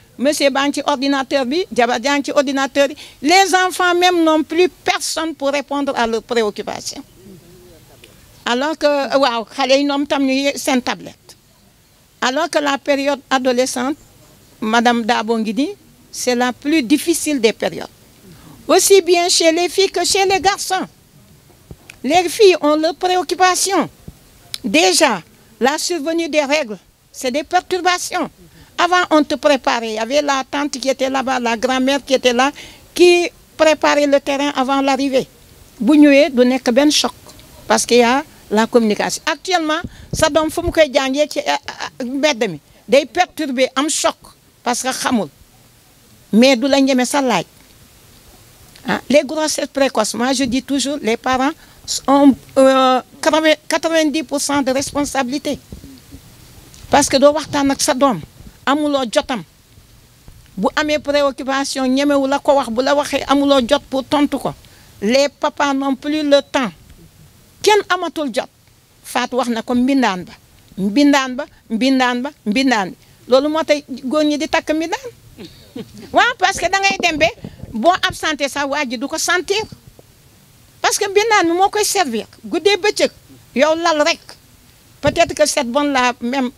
monsieur Banti, ordinateur ordinateur les enfants même n'ont plus personne pour répondre à leurs préoccupations alors que wow, une tablette alors que la période adolescente madame Dabongidi, c'est la plus difficile des périodes aussi bien chez les filles que chez les garçons les filles ont leurs préoccupations déjà la survenue des règles c'est des perturbations avant, on te préparait. Il y avait la tante qui était là-bas, la grand-mère qui était là, qui préparait le terrain avant l'arrivée. Bougnué, donnait que ben choc. Parce qu'il y a la communication. Actuellement, ça donne fou mouké qui est Des perturbés, un choc. Parce que khamoul. Mais d'où mais ça Les grossesses précoces, moi je dis toujours, les parents ont 90% euh, de responsabilité. Parce que doit avoir ça donne amuloo jotam bu amee préoccupation ñemewu la ko wax bu la waxee amuloo jot pour tontu ko les papa n'ont plus le temps kenn amatul jot faat wax na ko mbindaan ba mbindaan ba mbindaan ba mbindaan bi loolu moo tey góor ñi di takk mbindaan parce que da ngay dem bon boo absenté sa waa du ko sentir parce que mbindaan bi moo koy servir guddee bëccëg yow lal rek peut-être que cette bonne la même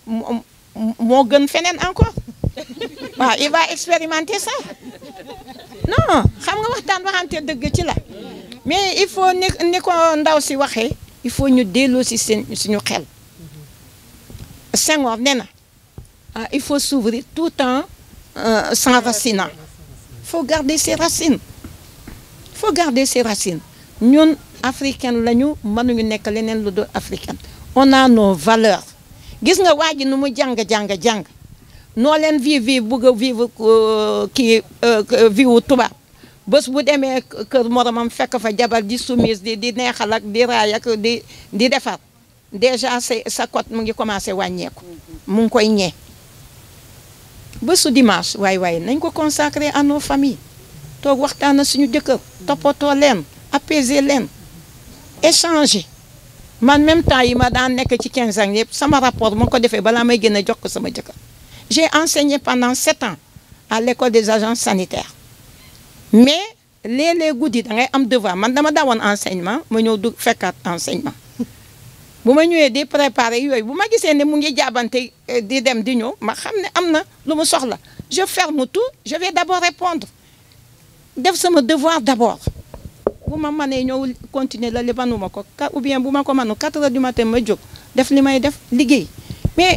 Morgan Fenen encore [LAUGHS] waaw il va expérimenter ça non xam nga waxtaan waxante dëgg ci la mais il faut ni ni ko ndaw si waxee il faut ñu delloo si seen suñu xel Senghor ah, il faut s'ouvrir tout en euh, Il faut garder ses racines faut garder ses racines ñun africaine lañu mënuñu nekk leneen lu dul africaine on a nos valeurs gis nga waji numu jang jang jang no len noo leen vive vive bugg a vive euh, kii euh, vive tubaab bu demee keur moromam fekk fa jabar di soumise di di neexal ak di ray ak di di defar déjà sa cote mu ngi commencé ko mu ngi koy ñé bésu dimanche way way nañ ko consacrer à nos familles tok waxtana suñu jëkkër toppatoo leen apaiser leen échanger man même temps yi ma daan nekk ci 15 ans yépp sama rapport ma ko defee balaa may gën a jox ko sama jëkkër j'ai enseigné pendant 7 ans à l'école des agences sanitaires mais léeg-léeg guddi da ngay am devoir man dama daawoon enseignement ma ñëw du fekkaat enseignement bu ma ñëwee di préparer yooyu bu ma gisee ne mu ngi jaabante eh, di dem di ñëw ma xam ne am na lu mu soxla je ferme tout je vais d'abord répondre def sama devoir d'abord bu ma mënee ñëw continuer la libanuma ko ou bien bu ma ko 4 heures du matin ma jóg def li may def liguey mais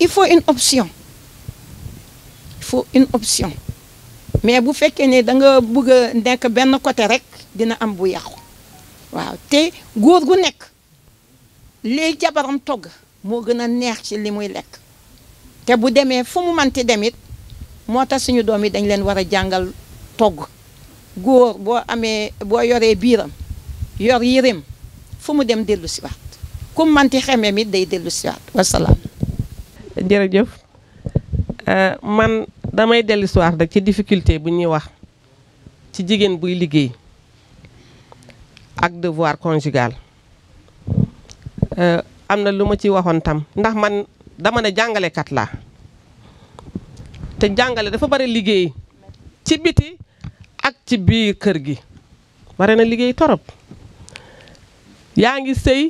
il faut une option il faut une option mais bu fekkee ne da nga bëgg nek ben côté rek dina am bu yàqu waaw té goor gu nek li jabaram togg mo gëna neex ci li muy lekk té bu démé fu mu manti demit mo tax suñu doomi dañ leen wara jàngal togg góor boo amee boo yoree biiram yor yirim fu mu dem dellu si waat man manti xeme mit day dellu si waat wasalaam
jërëjëf euh, man damay dellu si waat rek ci difficulté bu ñuy wax ci jigéen buy liggéey ak devoir conjugal euh, am na lu ma ci waxoon tam ndax man dama ne jàngalekat laa te jàngale dafa bari liggéey ci biti ak ci biir kër gi bare na liggéey torop yaa ngi sëy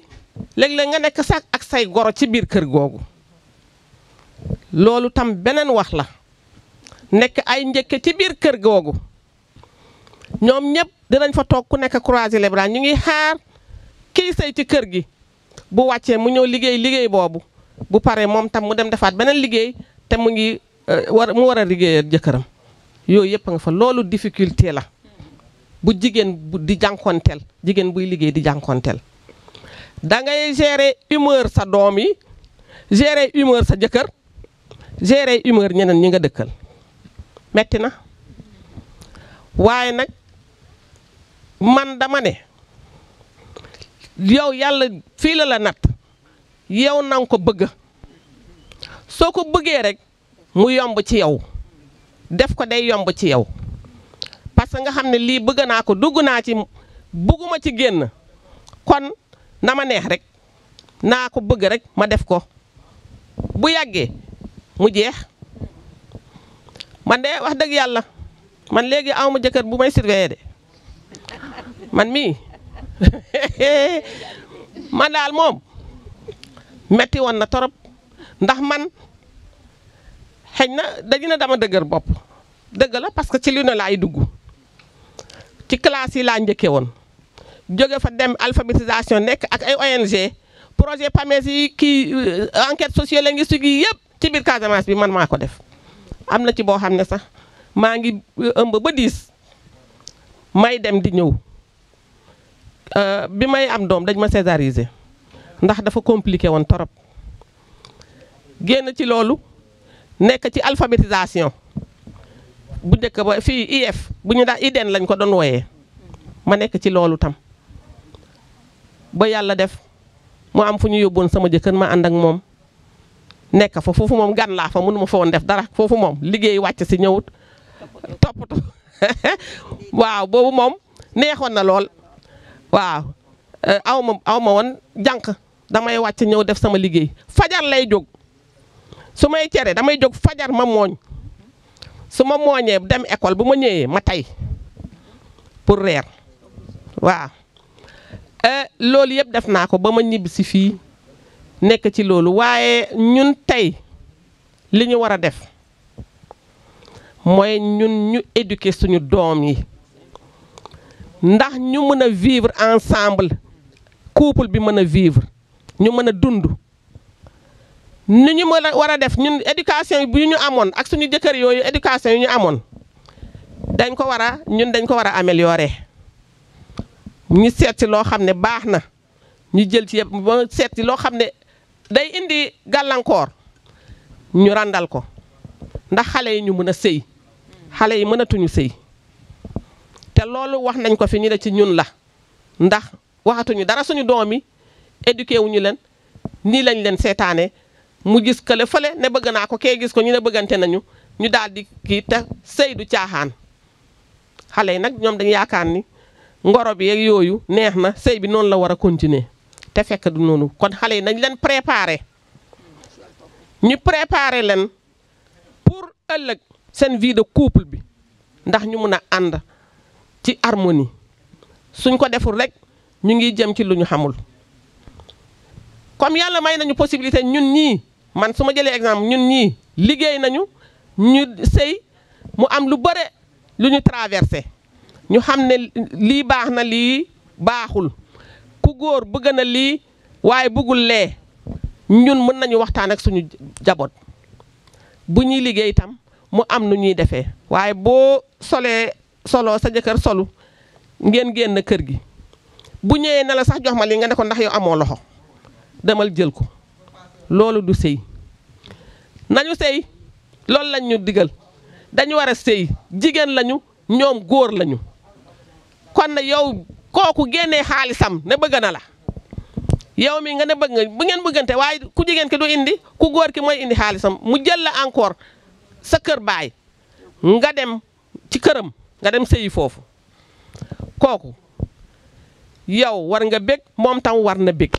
léeg-léeg nga nekk sax ak say goro ci biir kër googu loolu tam beneen wax la nekk ay njëkke ci biir kër googu ñoom ñëpp dinañ fa toog ku nekk croiser les bras ñu ngi xaar kii sëy ci kër gi bu wàccee mu ñëw liggéey liggéey boobu bu paree moom tam mu dem defaat beneen liggéey te mu ngi euh, war mu war a liggéeyal jëkkëram yooyu yëpp nga fa loolu difficulté la bu jigéen di jànkonteel jigéen buy liggéey di jànkonteel da ngay gérer humeur sa doom yi gérer humeur sa jëkkër gérer humeur ñeneen ñi nga dëkkal metti na waaye nag man dama ne yow yàlla fii la la natt yow nanga ko bëgg soo ko bëggee rek mu yomb ci yow def ko day yomb ci yow parce que nga xam ne lii bëgg naa ko dugg naa ci bëgguma ci génn kon na ma neex rek naa ko bëgg rek ma def ko bu yàggee mu jeex man de wax dëgg yàlla man léegi aw ma jëkkër bu may surveiller de man mii [LAUGHS] ma daal moom metti woon na torop ndax man xëy na ne dama dëgër bopp dëgg la parce que ci lu ne ay dugg ci classe yi laa njëkkee woon jóge fa dem alphabétisation nekk ak ay ONG projet PAMES yi kii euh, enquête si yi yëpp ci biir Casamance bi man maa ko def. am na ci boo xam ne sax maa ngi euh, ëmb ba diis may dem di ñëw euh, bi may am doom dañ ma césariser ndax dafa compliqué woon torop génn ci loolu. nekk ci alphabétisation bu njëkk ba fii IF bu ñu daa IDEN lañ ko doon wooyee ma nekk ci loolu tam ba yàlla def mu am fu ñu yóbboon sama jëkkër ma ànd ak moom nekk fa foofu moom gan laa fa ma fa woon def dara foofu moom liggéey wàcc si ñëwut toppatoo [LAUGHS] waaw boobu moom neexoon na lool waaw eh, awma awma woon jànq damay wàcc ñëw def sama liggéey fajar lay jóg su may cere damay jóg fajar ma mooñ su ma mooñee dem école bu ma ñëwee ma tey pour reer waaw eh, loolu yëpp def naa ko ba ma ñibbi fii nekk ci loolu waaye ñun tey li ñu war a def mooy ñun ñu éduquer suñu doom yi ndax ñu mën a vivre ensemble couple bi mën a vivre ñu mën a dund ni ñu mën a war a def ñun éducation bi ñu amoon ak suñu jëkkër yooyu éducation yi ñu amoon dañ ko war a ñun dañ ko war a améliorer ñu seet loo xam ne baax na ñu jël ci yëpp ba loo xam ne day indi gàllankoor ñu ràndal ko ndax xale yi ñu mën a sëy xale yi mënatuñu sëy te loolu wax nañ ko fi ñu ne ci ñun la ndax waxatuñu dara suñu doom yi éduqué wuñu leen nii lañ leen seetaane mu gis kële fale ne bëgg naa ko kee gis ko ñu ne bëggante nañu ñu daal di kii te sëy du caaxaan xale yi nag ñoom dañu yaakaar ni ngoro bi yeeg yooyu neex na sëy bi noonu la war a continuer te fekk du noonu kon xale yi nañ leen préparer ñu préparer leen pour ëllëg seen vie de couple bi ndax ñu mën a ànd ci harmonie suñ ko deful rekk ñu ngi jëm ci lu ñu xamul comme yàlla may nañu possibilité ñun ñii man su ma jëlee exemple ñun ñii liggéey nañu ñu sëy mu am lu bëre lu ñu traversé ñu xam ne lii baax na lii baaxul ku góor bëgg na lii waaye bëggul lee ñun mën nañu waxtaan ak suñu jaboot bu ñuy liggéeyitam mu am lu ñuy defee waaye boo solee soloo sa jëkkër solu ngeen génn kër gi bu ñëwee ne la sax jox ma lii nga ne ko ndax yow amoo loxo demal jël ko loolu du sëy nañu sëy loolu lañ ñu digal dañu war a sëy jigéen lañu ñoom góor lañu kon na yow kooku génnee xaalisam ne bëgg na la yow mi nga ne bëgg nga bu ngeen bëggante waaye ku jigéen ki du indi ku góor ki mooy indi xaalisam mu jël la encore sa kër baay nga dem ci këram nga dem sëyi foofu kooku yow war nga bég moom tam war na bég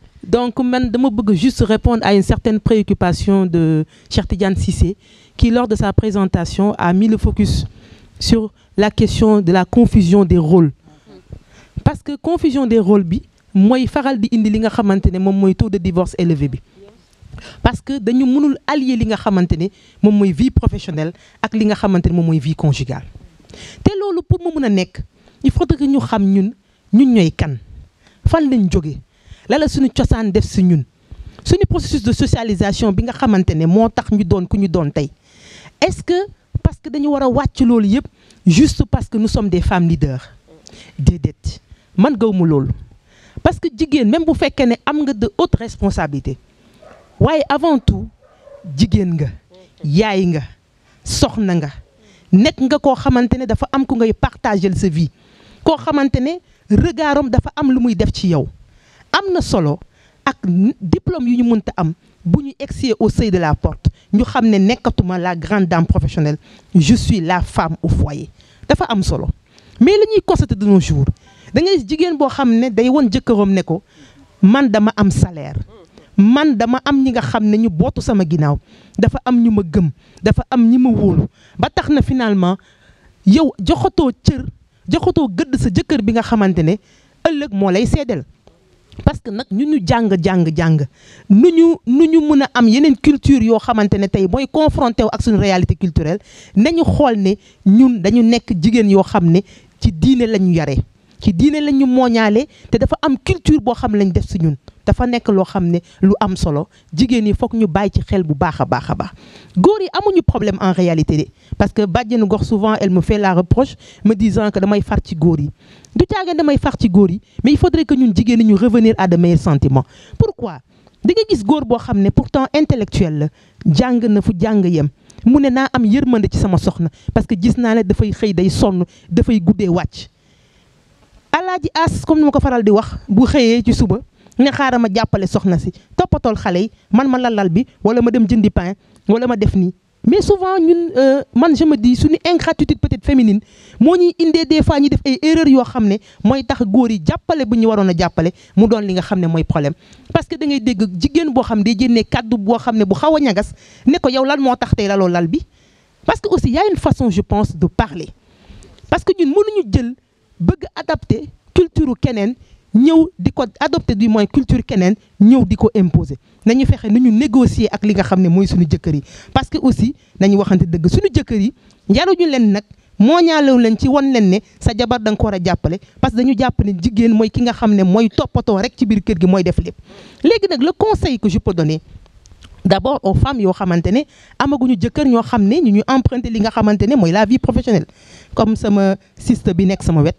donc je dama juste répondre à une certaine préoccupation de Cheikh Tidiane qui lors de sa présentation a mis le focus sur la question de la confusion des rôles parce que confusion des rôles bi mooy faral di indi li nga xamante mom moy taux de divorce élevé bi parce que dañu mënul allier li nga xamante mom moy vie professionnelle ak li nga xamante mom moy vie conjugale té lolu pour mo mëna nek il faut que ñu xam ñun ñun ñoy kan fan lañ la suñu cosaan def ci ñun suñu processus de socialisation bi nga xamantene mo tax ñu doon ku ñu doon tey est-ce que parce que dañu wara wacc lool yépp juste parce que nous sommes des femmes leaders dedet, man gawmu lool parce que jigen même bu fekkee ne am nga de hautes responsabilités waaye avant tout jigen nga yaay nga soxna nga nek nga ko xamantene dafa am ku ngay partager sa vie ko xamantene ne dafa am lu muy def ci yow am na solo ak diplôme yu ñu mënta am bu ñu egsee au seuil de la porte ñu xam ne nekkatuma la grande dame professionnelle je suis la femme au foyer dafa am solo mais la ñuy constater de nos jours da ngay jigéen boo xam ne day won jëkkëram ne ko man dama am salaire man dama am ñi nga xam ne ñu bootu sama ginnaaw dafa am ñu ma gëm dafa am ñi ma wóolu ba tax na finalement yow joxatoo cër joxatoo gëdd sa jëkkër bi nga xamante ne ëllëg moo lay seedeel parce que nag ñu ñu jàng jàng jàng nu ñu nu ñu mën a am yeneen culture yoo xamante ne tey mooy confronté wu ak suñu réalité culturelle nañu xool ne ñun dañu nekk jigéen yoo xam ne ci diine lañu yare ci diine lañu mooñaale te dafa am culture boo xam lañ def si ñun dafa nekk loo lo lu am solo jigéen ñi foog ñu bay ci xel bu baaxa baaxa ba. goor yi amuñu problème en réalité parce que badjenu gox souvent elle me fait la reproche me disant que damay far ci goor yi du caageen damay far ci goor yi mais il faudrait que ñun jigéen ñi ñu revenir à de meilleurs sentiments pourquoi di nga gis goor bo xamné pourtant intellectuel jang na fu jang yem mu ne naa am yërmande ci sama soxna parce que gis la da fay xey day sonn fay goudé wacc aladi as comme ni ko faral di wax bu xeyé ci suba ne xaaral ma jàppale soxna si topatol xalé yi man ma lalal bi wala ma dem jindi pain wala ma def ni mais souvent ñun euh, man je me dis suñu ingratitude peut-être féminine mo ñi indé des fois ñi def ay erreurs yo xamné moy tax góor yi jàppale bu ñu warona a mu doon li nga xamné moy problème parce que da ngay dégg jigen bo xam day génnee kàddu boo ne bu xawa ñagas ne ko yow lan mo tax la lol lal bi parce que aussi y a une façon je pense de parler parce que ñun mënuñu jël bëgg adapter culture kenen ñew diko du culture kenen ñew diko imposer nañu fexé négocier ak li nga xamné que suñu nous parce que aussi nañu waxanté dëgg suñu ci sa jabar ko parce que dañu japp jigéen moy ki nga ne rek ci le conseil que je peux donner d'abord aux femmes nous ne amaguñu jëkkër ño xamné ñu ñu li nga la vie professionnelle comme sama sister bi nek sama nga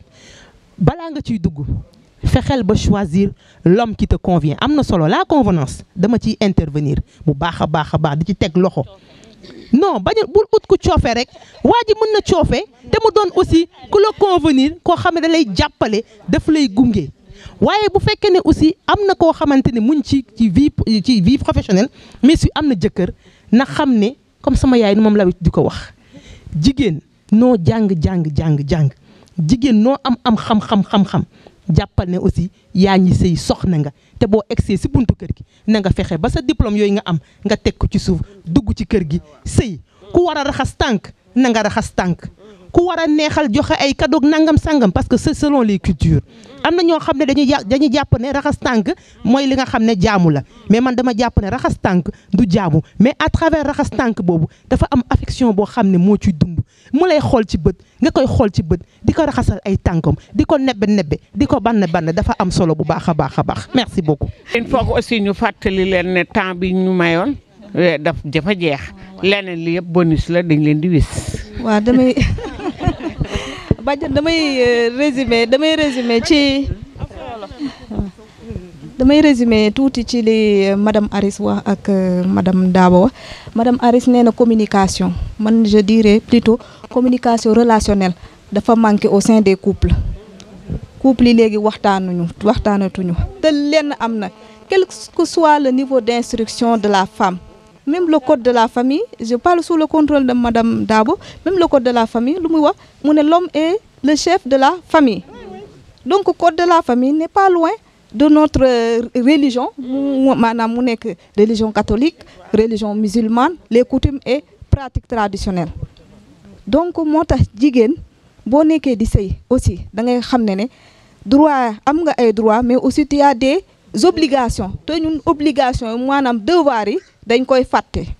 fexeel ba choisir l'homme qui te convient am na solo la convenance dama ciy intervenir bu baax a baax a baax di ci teg loxo non bañu bul ut ku coofe rek waa ji mën na coofe mu doon aussi ku la convenir koo xam ne da lay jàppale daf lay gunge waaye bu fekkee ne aussi am na koo xamante ne muñ ci ci vie ci vie professionnelle mais si am na jëkkër na xam ne comme sama yaay ni moom lawit di ko wax jigéen noo jang jang. jàng jàng jigéen noo am am xam-xam xam-xam les ne aussi yañi sey soxna nga te bo excès si buntu kër gi nga fexé ba sa diplôme yoy nga am nga teg ko ci souf dugg ci kër gi sey ku nga ku neexal ay cadeau nangam sangam parce que c'est selon les cultures am na ñoo xam ne dañuy dañuy jàpp ne raxas tànk mooy li nga xam ne jaamu la mais man dama jàpp ne raxas tànk du jaamu mais à travers raxas tànk boobu dafa am affection boo xam ne moo ciy dund mu lay xool ci bët nga koy xool ci bët di ko raxasal ay tànkam di ko nebbe nebbe di ko bann bann dafa am solo bu baax a baax a baax merci beaucoup.
il aussi ñu fàttali leen ne temps bi ñu mayoon eh, daf dafa jeex leneen li yëpp bonus la dañ leen di wis.
waaw damay.
Je vais euh, résumer damay résumé ci damay résumé tuuti ci li euh, madame Aris wax ak euh, madame Dabo Mme madame Aris nee communication je dirais plutôt communication relationnelle dafa manquer au sein des couples couple couples, sont les plus te quel que soit le niveau d'instruction de la femme même le code de la famille je parle sous le contrôle de madame Dabo même le code de la famille l'homme est le chef de la famille donc le code de la famille n'est pas loin de notre euh, religion Madame religion catholique religion musulmane les coutumes et pratiques traditionnelles donc moo tax boni aussi da ngay droit am nga droit mais aussi tu as des obligations te une obligation moi un devoir merci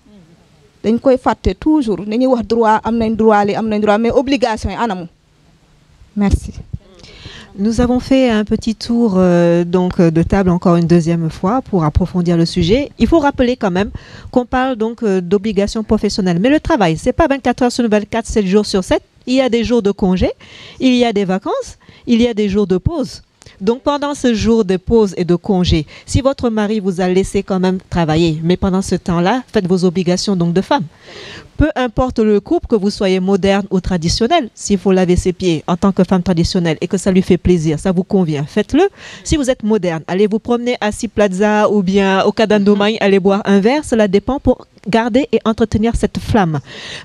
Nous avons fait un petit tour euh, donc de table encore une deuxième fois pour approfondir le sujet. Il faut rappeler quand même qu'on parle donc professionnelle. Euh, d'obligations professionnelles. Mais le travail, c'est pas 24 heures sur 24, 7 jours sur 7. Il y a des jours de congé, il y a des vacances, il y a des jours de pause. Donc pendant ce jour de pause et de congé, si votre mari vous a laissé quand même travailler, mais pendant ce temps-là, faites vos obligations donc de femme. Peu importe le couple, que vous soyez moderne ou traditionnel, s'il faut laver ses pieds en tant que femme traditionnelle et que ça lui fait plaisir, ça vous convient, faites-le. Si vous êtes moderne, allez vous promener à Plaza ou bien au Cadandomagne, mhm. allez boire un verre, cela dépend pour garder et entretenir cette flamme.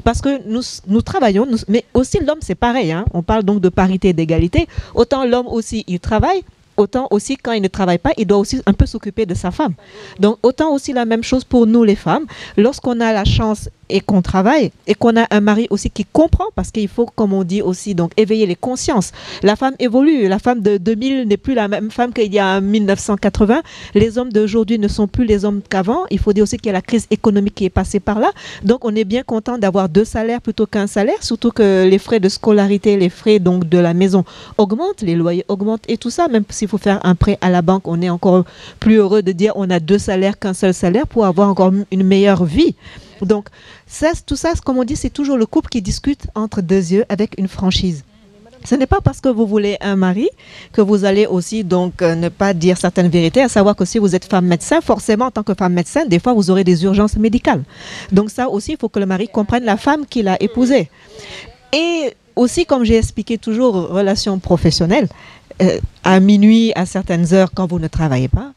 Parce que nous, nous travaillons, mais aussi l'homme, c'est pareil. Hein. On parle donc de parité et d'égalité. Autant l'homme aussi, il travaille, autant aussi quand il ne travaille pas, il doit aussi un peu s'occuper de sa femme. Donc autant aussi la même chose pour nous les femmes. Lorsqu'on a la chance et qu'on travaille et qu'on a un mari aussi qui comprend parce qu'il faut, comme on dit aussi, donc éveiller les consciences. La femme évolue. La femme de 2000 n'est plus la même femme qu'il y a en 1980. Les hommes d'aujourd'hui ne sont plus les hommes qu'avant. Il faut dire aussi qu'il y a la crise économique qui est passée par là. Donc on est bien content d'avoir deux salaires plutôt qu'un salaire, surtout que les frais de scolarité, les frais donc de la maison augmentent, les loyers augmentent et tout ça. Même s'il faut faire un prêt à la banque, on est encore plus heureux de dire on a deux salaires qu'un seul salaire pour avoir encore une meilleure vie. Donc, tout ça, comme on dit, c'est toujours le couple qui discute entre deux yeux avec une franchise. Ce n'est pas parce que vous voulez un mari que vous allez aussi donc euh, ne pas dire certaines vérités, à savoir que si vous êtes femme médecin, forcément en tant que femme médecin, des fois vous aurez des urgences médicales. Donc ça aussi, il faut que le mari comprenne la femme qu'il a épousée. Et aussi, comme j'ai expliqué toujours, relation professionnelle, euh, à minuit, à certaines heures, quand vous ne travaillez pas,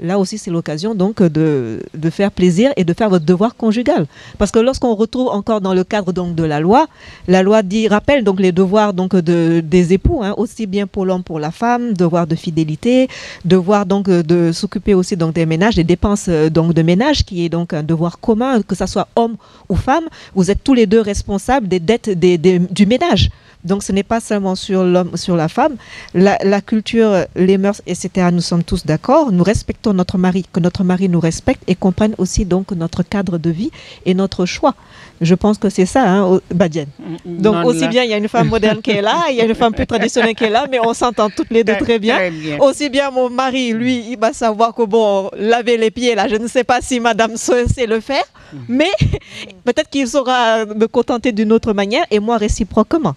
là aussi, c'est l'occasion donc de, faire plaisir et de faire votre devoir conjugal. Parce que lorsqu'on retrouve encore dans le cadre donc de la loi, la loi dit, rappelle donc les devoirs donc de, des époux, hein, aussi bien pour l'homme pour la femme, devoir de fidélité, devoir donc de s'occuper aussi donc des ménages, des dépenses euh, donc de ménage, qui est donc un devoir commun, que ce soit homme ou femme. Vous êtes tous les deux responsables des dettes du ménage. Donc ce n'est pas seulement sur l'homme, sur la femme. La, culture, les mœurs, etc., nous sommes tous d'accord. Nous respectons notre mari, que notre mari nous respecte et comprenne aussi donc notre cadre de vie et notre choix. Je pense que c'est ça, hein, Badienne. Mm, donc aussi bien, il y a une femme moderne qui est là, il y a une femme plus traditionnelle qui est là, mais on s'entend toutes les deux très bien. Aussi bien mon mari, lui, il va savoir que bon, laver les pieds, là, je ne sais pas si madame sait le faire, mm. mais [LAUGHS] peut-être qu'il saura me contenter d'une autre manière et moi réciproquement.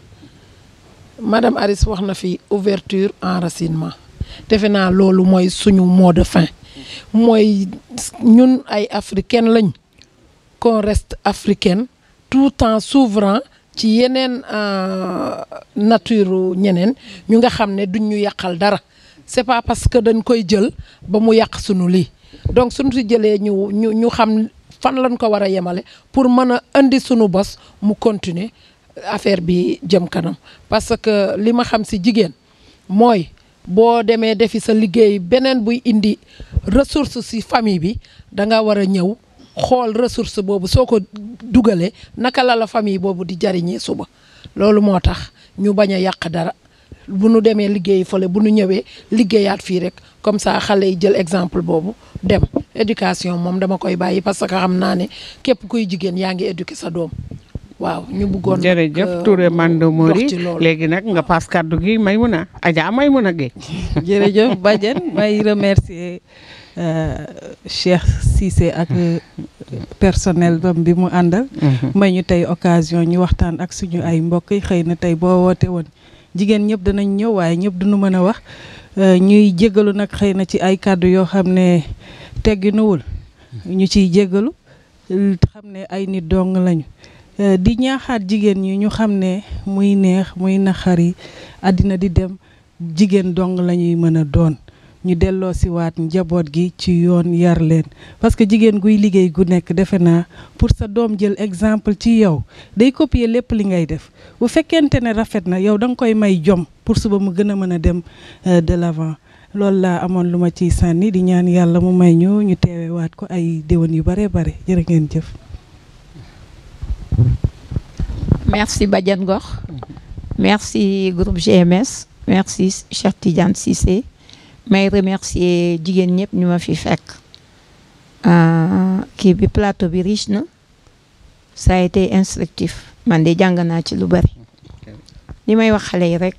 madame Aris wax na fi ouverture enracinement defe naa loolu mooy suñu mot de fin mooy ñun ay africaine lañ qu'on reste africaine tout en s'ouvrant ci yeneen euh, nature ñeneen ñu nga xam ne duñ ñu yàqal dara c'est pas parce que dañ koy jël ba mu yàq suñu lii donc suñ si jëlee ñu ñu ñu xam fan lañ ko war a yemale pour mën a indi suñu bos mu continuer affaire bi jëm kanam parce que li ma xam si jigéen mooy boo demee defi sa liggéey beneen buy indi ressource si famille bi da nga war a ñëw xool ressource boobu soo ko dugalee naka la la famille boobu di jariñee suba loolu moo tax ñu bañ a yàq dara bu nu demee liggéey fële bu nu ñëwee liggéeyaat fii rek comme sa xale yi jël exemple boobu dem éducation moom dama koy bàyyi parce que xam naa ne képp kuy jigéen yaa ngi éduquer sa doom waaw ñu buggoon bëggoon jërëjëf euh, Touré
Mandomori léegi nag nga pas kàddu gi may
Maimouna Adja Maimouna Gueye [LAUGHS]
jërëjëf
Badiane may
remercier euh, Cheikh Cissé ak euh, personnel bam bi mu àndal mhm. may ñu tey occasion ñu waxtaan ak suñu ay mbokk xëy na tey boo woote woon jigéen ñëpp danañ ñëw waaye ñëpp duñu mën a wax ñuy jégalu nag xëy na ci ay kàddu yoo xam ne tegginuwul ñu ciy jégalu xam ne ay nit dong lañu Euh, di ñaaxaat jigéen ñi ñu xam ne muy neex muy naxari àddina di dem jigéen dong la ñuy mën a doon ñu delloo si waat njaboot gi ci yoon yar leen parce que jigéen guy liggéey gu nekk defe naa pour sa doom jël exemple ci yow day copier lépp li ngay def bu fekkente ne rafet na yow da nga koy may jom pour suba mu gën a mën a dem euh, de l'avant loolu laa amoon lu ma ciy sànni di ñaan yàlla mu may ñu ñu teewewaat ko ay déwén yu bare bare jërë ngeen jëf
Merci Badiangor. Merci groupe GMS. Merci Cher Tidiane Cissé. Mais remercier jigéen ñëpp ñu ma fi fekk Qui euh, bi plateau bi riche na ça a été instructif man de jàng naa ci lu bari li may wax xale yi rek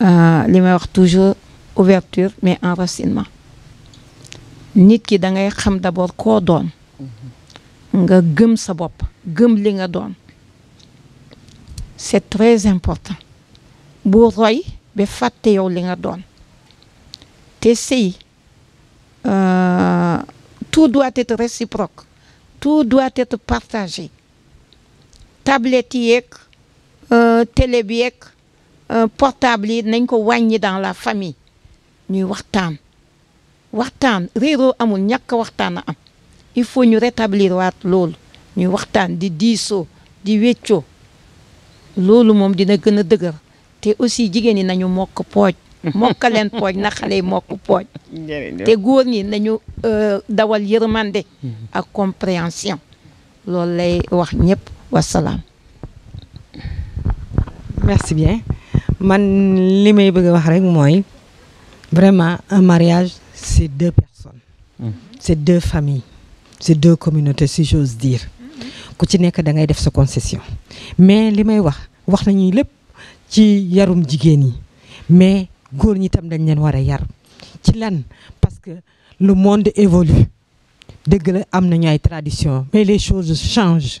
euh, toujours ouverture mais enracinement nit qui da ngay xam d'abord koo doon nga gëm sa bop, gëm li nga doon c'est très important boo vous ba fàtte yow li nga don. te Euh, tout doit être réciproque tout doit être partagé tablette yeeg euh, télé bi euh, portable yi ko wàññi dans la famille ñuy waxtaan waxtaan réeroo amul ñàkk waxtaan a am il faut nous rétablir waat loolu ñuy waxtaan di diso. di wetcho. Lolu, mom dina gëna dëgër aussi jigéen ni nañu mokk pooj [LAUGHS] mokkaleen pooj na mokk pooj té nañu euh, dawal mm-hmm. ak compréhension lay wax ñëpp merci bien
man limay bëgg vraiment un mariage c'est deux personnes mm. c'est deux familles c'est deux communautés si j'ose dire ku ci nekk da ngay def sa concession mais li may wax wax nañuy lépp ci yarum jigéen mais góor tam dañ leen war yar ci parce que le monde évolue dëgg la am tradition mais les choses changent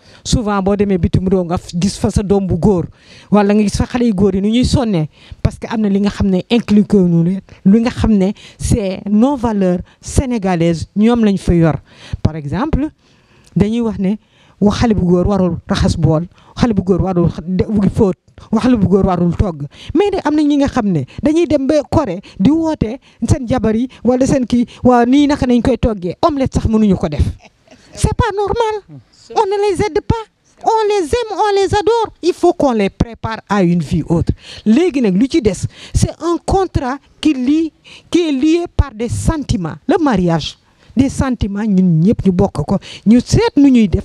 souvent bo demee bitum do nga gis fa sa dombu gor wala nga gis fa xale yu góor ñuy sonné parce que amna li nga xamné ne inclus que ñu li nga xamné c'est nos valeurs sénégalaises ñom lañ fa yor par exemple dañuy wax né wa xalé bu gor warul raxas bool xalé bu gor warul fóot wax xale bu gor warul togg mais amna ñi nga xamné dañuy dem ba Corée di woté sen jabar yi wala sen ki wa ni naka nañ koy toggé omelette sax mënu ñu ko def c'est pas normal. On ne les aide pas. On les aime, on les adore. Il faut qu'on les prépare à une vie autre. L'église, c'est un contrat qui, lie, qui est lié par des sentiments. Le mariage, des sentiments, nous sommes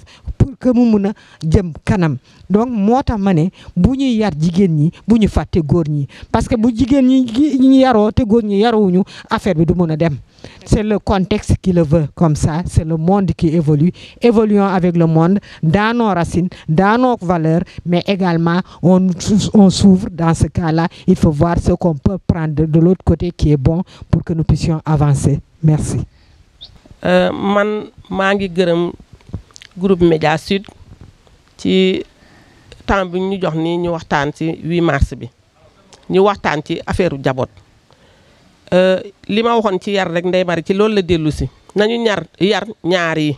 que kanam donc moi, mané buñu ne bu yar jigéen ñi buñu faté fàtte ñi parce que bu jigen ñi ñi yaro té góor ñi yaruwuñu affaire bi du mëna dem c'est le contexte qui le veut comme ça c'est le monde qui évolue évoluons avec le monde dans nos racines dans nos valeurs mais également on on s'ouvre dans ce cas-là il faut voir ce qu'on peut prendre de l'autre côté qui est bon pour que nous puissions avancer merci
euh, man maa ngi gërëm groupe Média Sud ci temps bi ñu jox nii ñu waxtaan ci wii mars bi ñu waxtaan ci affaire jaboot euh, li ma waxoon ci yar rek ndey mari ci loolu la dellu si nañu ñaar yar ñaar yi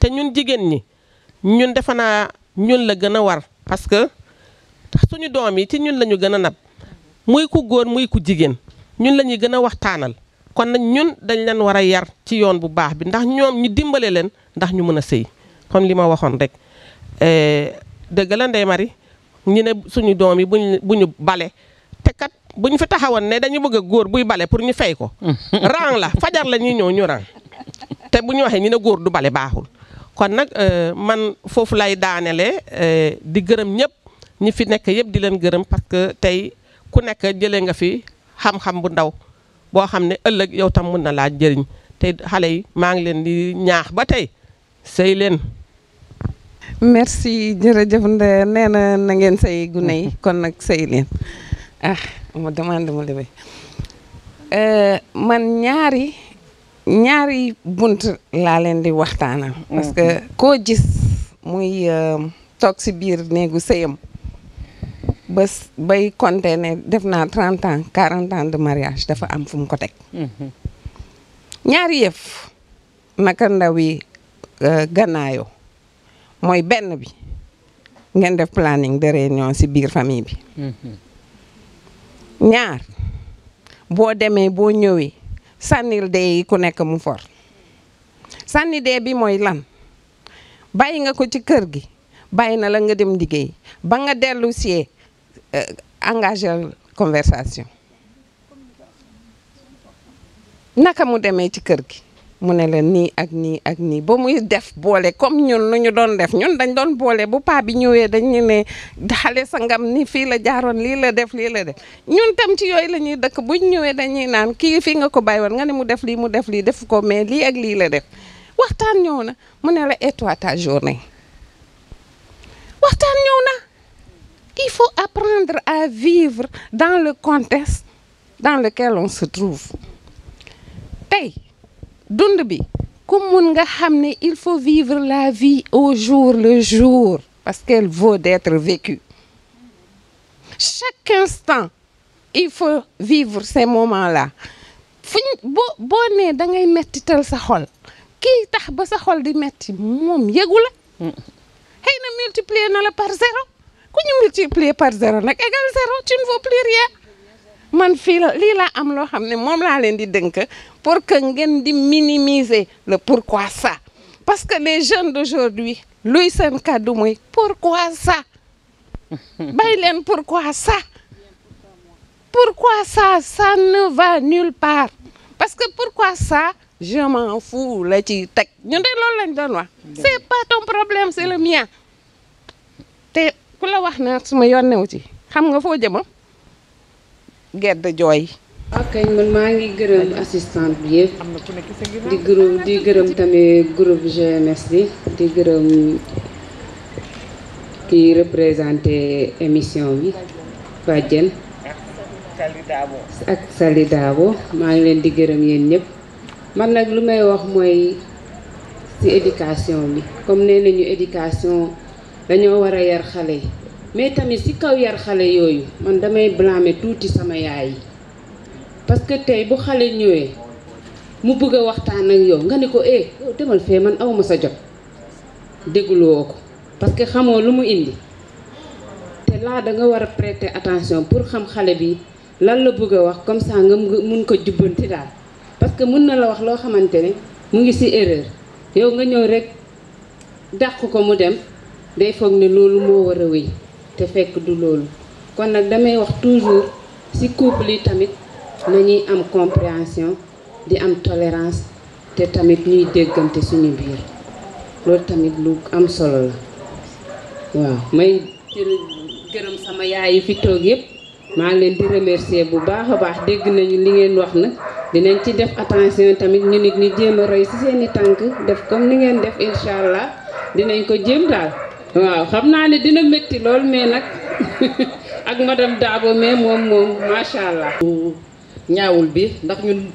te ñun jigéen ñi ñun defe naa ñun la gën a war parce que suñu doom yi ci ñun la ñu gën a nab muy ku góor muy ku jigéen ñun la ñuy gën a waxtaanal kon nag ñun dañ leen war a yar ci yoon bu baax bi ndax ñoom ñu dimbale leen ndax ñu mën a sëy comme li ma waxoon rek euh, dëgg la Ndeye Marie ñu ne suñu doom yi buñ bu ñu bale te kat bu ñu fi taxawoon ne dañu bëgg a góor buy bale pour ñu fay ko [LAUGHS] rang la fajar la ñuy ñëw ñu rang te bu ñu waxee ñu ne góor du bale baaxul kon nag euh, man foofu lay daanelee euh, di gërëm ñëpp ñi fi nekk yëpp di leen gërëm parce que tay, ku nekk jëlee nga fi xam-xam bu ndaw boo xam ne ëllëg yow tam mun na laa jëriñ te xale yi maa ngi leen di ñaax ba tay, sëy leen
merci jërëjëf Ndeye nee na nangeen ngeen say gune yi [LAUGHS] kon nag say leen ah ma demande mu lebe euh, man ñaari ñaari bunt laa leen di waxtaanal. parce que mm-hmm. koo gis muy euh, toog si biir néegu sëyam ba bay compter ne def naa trente ans quarante de mariage dafa am fu mu ko teg. Mm-hmm. ñaari yëf naka ndaw yi euh, mooy benn bi ngeen def planning de réunion ci biir famille bi. Mm-hmm. ñaar boo demee boo ñëwee sànnil dee yi ku nekk mu for sànni dee bi mooy lan bàyyi nga ko ci kër gi bàyyi na la nga dem liggéey ba nga dellu si euh, engagé conversation naka mu demee ci kër gi. mu ne ak ak muy def comme ñun nu ñu def ñun dañ bu sangam ni fi la jaaroon li la def la def ñun tam ci dëkk ta journée waxtaan ñëw il faut apprendre à vivre dans le contexte dans lequel on se trouve Hey dund bi il faut vivre la vie au jour le jour parce qu'elle vaut d'être vécue chaque instant il faut vivre ces moments-là Si da ngay sa xol tax ba sa xol di metti multiplier par zéro par zéro égal zéro tu ne vaux plus rien man li la amlo am lo xamné mom la len di deunk pour que ngeen di minimiser le pourquoi ça parce que les jeunes d'aujourd'hui luy seen cadeau moy pourquoi ça bay len pourquoi ça pourquoi ça ça ne va nulle part parce que pourquoi ça je m'en fous la ci teg ñu de loolu lañ doon wax c'est
pas ton problème
c'est le mien te kula wax na suma yonne wu ci xam nga foo
gedd jooy. ak man maa ngi gërëm assistant bi yëpp di gërëm di gërëm tamit groupe GMS bi di gërëm ki représenté émission bi Fadjen ak Sali maa ngi leen di gërëm yéen ñëpp man nag lu may wax mooy ci éducation bi comme nee nañu éducation dañoo war a yar xale yi mais tamit si kaw yar xalé yoyu man damay blâmer touti sama yaay parce que tay bu xalé ñëwé mu bëgg waxtaan ak yow nga ni ko eh yow demal fé man awuma sa jot déggul woko parce que xamoo lu mu indi té la da nga war prêter attention pour xam xalé bi lan la bëgg wax comme ça nga mën ko jubanti daal parce que mën na la wax lo mu ngi ci erreur yow nga ñëw rek dakk ko mu dem day fogné lolu mo wara wëy te fekk du loolu kon nag damay wax toujours si couple yi tamit nañuy am compréhension di am tolérance te tamit ñuy déggante suñu biir loolu tamit lu am solo la waaw may gërëm sama yaay yi fi toog yëpp maa ngi leen di remercier bu baax a baax dégg nañu li ngeen wax na dinañ ci def attention tamit ñu nit ñi jéem a roy ci seeni tànk def comme ni ngeen def incha allah dinañ ko jéem daal waaw xam naa ne dina métti lool mais nag [LAUGHS] ak madame Dabo mais moom moom macha allah. Mm. ñaawul bi ndax ñun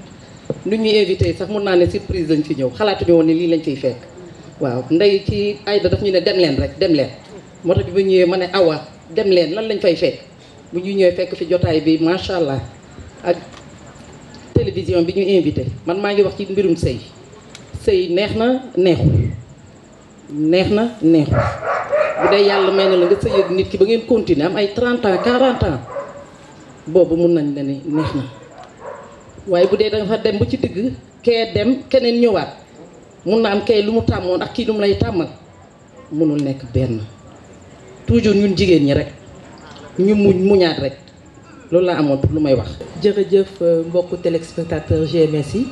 lu ñuy
invité sax mun naa ne surprise lañ fi ñëw xalaatuñu woon ne lii lañ fiy fekk waaw ndey ci Aïda daf ñu ne dem leen rek dem leen moo tax bi ñëwee ma ne awa dem leen lan lañ fay fekk bu ñu ñëwee fekk fi jotaay bi macha allah ak télévision bi ñu invité man maa ngi wax ci mbirum sëy sëy neex na neexul neex na neexul bu dee yàlla may na la nga sëy ak nit ki ba ngeen continuer am ay 30 ans 40 ans boobu mun nañ la ne neex na waaye bu dee fa dem bu ci digg kee dem keneen ñëwaat mun na am kay lu mu tàmmoon ak kii lu lay tàmmal munul nekk benn toujours ñun jigéen ñi rek ñu muñ muñaat rek loolu laa amoon pour lu may wax.
jërëjëf euh, mbokku téléspectateur GMS yi.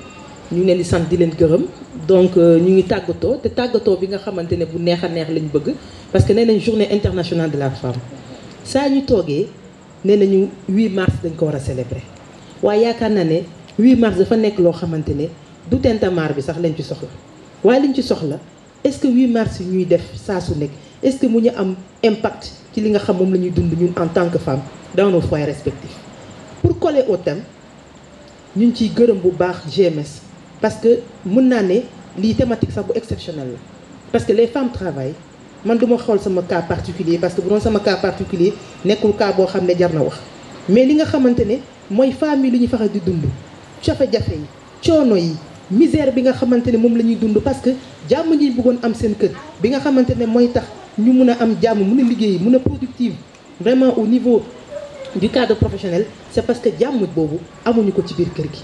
ñu ngi leen di sant di leen gërëm donc euh, ñu ngi tàggatoo te tàggatoo bi nga xamante ne bu neex a neex lañ bëgg parce que nee nañ journée internationale de la femme saa ñu toogee nee nañu 8 mars dañ ko war a célébrer waaye yaakaar na ne 8 mars dafa nekk loo xamante ne du tintamarre bi sax lañ ci soxla waaye liñ ci soxla est-ce que 8 mars ñuy def saa su nekk est-ce que mu ñu am impact ci li nga xam moom la ñuy dund ñun en tant que femme dans nos foyers respectifs pour coller au thème ñun ngi ciy gërëm bu baax GMS parce que mon année, ne thématique sax parce que les femmes travaillent man duma xol sama cas particulier parce que sama cas particulier nekul cas bo xamné ne wax mais li nga xamantene ne les femmes yi lu di dund yi misère bi nga xamantene ne parce que les ñi am seen kër bi nga xamantene ne tax ñu am productive vraiment au niveau du cadre professionnel c'est parce que jamm les amuñu ko ci biir kër gi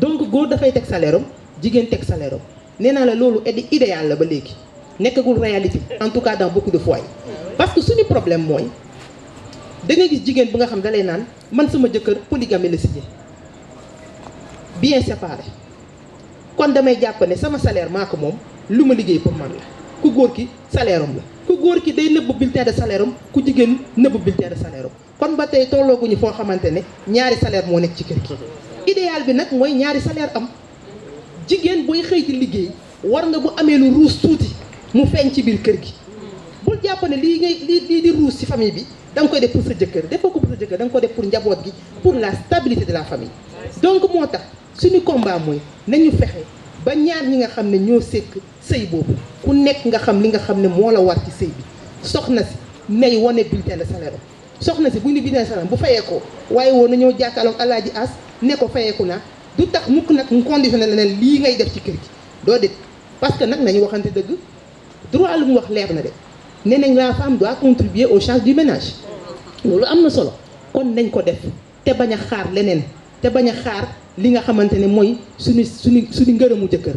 donc goor da fay salaire am jigéen teg salaire am la loolu edi idéal la ba légui nekagul réalité en tout cas dans beaucoup de fois parce que suñu problème moy da nga gis jigen bu nga xam dalay naan man sama jëkkër polygamie la signé bien séparé kon damay jàpp ne sama salaire mako mom luma liggéey pour man la ku góor ki salaire la ku goor ki day neub bulletin de salaire am ku jigéen nëbb bulletin de salaire kon ba tey tollooguñu foo xamante ne ñaari salaire mo nek ci kër idéal bi nak moy ñaari salaire am jigen booy xëy di liggéey war nga bu amee lu ruus tuuti mu feñ ci bir kër gi bul jappane li lii ngay lii di ruus ci famille bi dang nga koy def pour sa jëkkeur def ko pour sa jëkkeur dang ko def pour njaboot gi pour la stabilité de la famille donc motax suñu combat moy nañu fexé ba ñaar ñi nga xamné ne ñoo sekk sëy boobu ku nekk nga xam li nga xamné mo la war ci sey bi soxna ci may woné bulletin de salaire soxna si bu ñu bidon salaam bu fayee ko waaye woo na ñëw jàkkaarloog ji as ne ko fayeeku na du tax mukk nag mu conditionné la leen lii ngay def ci kër gi doo dit parce que nag nañu waxante dëgg droit lu mu wax leer na de nee nañ la am doit contribuer aux change du ménage loolu am na solo kon nañ ko def te bañ a xaar leneen te bañ a xaar li nga xamante ne mooy suñu suñu suñu ngërëmu jëkkër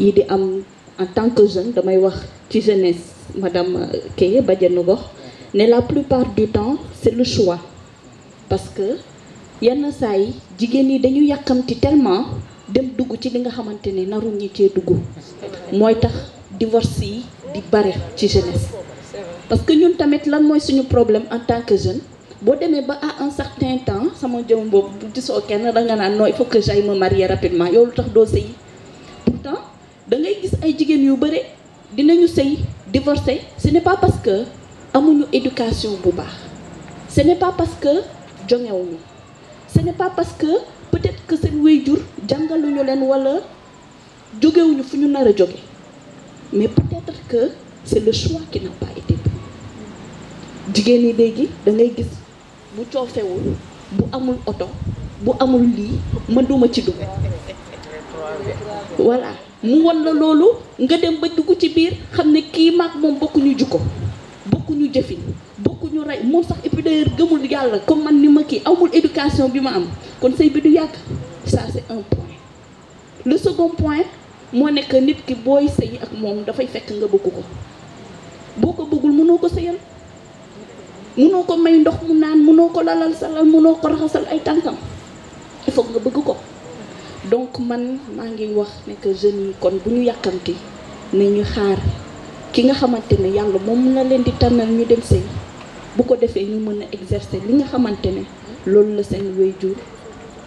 yi di am en tant que jeune damay wax ci jeunesse madame euh, Keye Badiane gox né la plupart du temps c'est le choix parce que yenn say yi jigéen dañu yakamti tellement dem dugg ci li nga xamante ne ñi cee dugg moy tax divorce yi di bare ci jeunesse parce que ñun tamit lan moy suñu problème en tant que jeune bo démé ba à un certain temps sama jëm boobu so kenn da nga naan non il faut que j'aille me marier rapidement yow lutax dossier pourtant da ngay gis ay jigen yu bari dinañu sey ke ce n'est pas parce que amuñu éducation bu baax ce n'est pas parce que jongewuñu ce n'est pas parce que peut-être que sen wayjur jangaluñu len wala jogewuñu fuñu nara jogé mais peut-être que c'est le choix qui n'a pas été pris jigen yi léegi da ngay gis bu coofewul bu amul auto bu amul li ma duma ci voilà mu wan la loolu nga dem ba dugg ci biir xam ne kii maag moom bokkuñu jukko bokkuñu jëfin bokkuñu rey moom sax et gëmul yàlla comme man ni ma kii amul éducation bi ma am kon sëy bi du yàgg ça c'est un point le second point moo nekk nit ki booy sëy ak moom dafay fekk nga bëgg ko boo ko bëggul mënoo ko sëyal mënoo ko may ndox mu naan mënoo ko lalal salal mënoo ko raxasal ay tànkam il foog nga bëgg ko donc man maa ngi wax ne que jeunes yi kon bu ñu yàkkamti ne ñu xaar ki nga xamante ne yàlla moom na leen di tànnal ñu dem sëy bu ko defee ñu mën a exercer li nga xamante ne loolu la seen wéy jur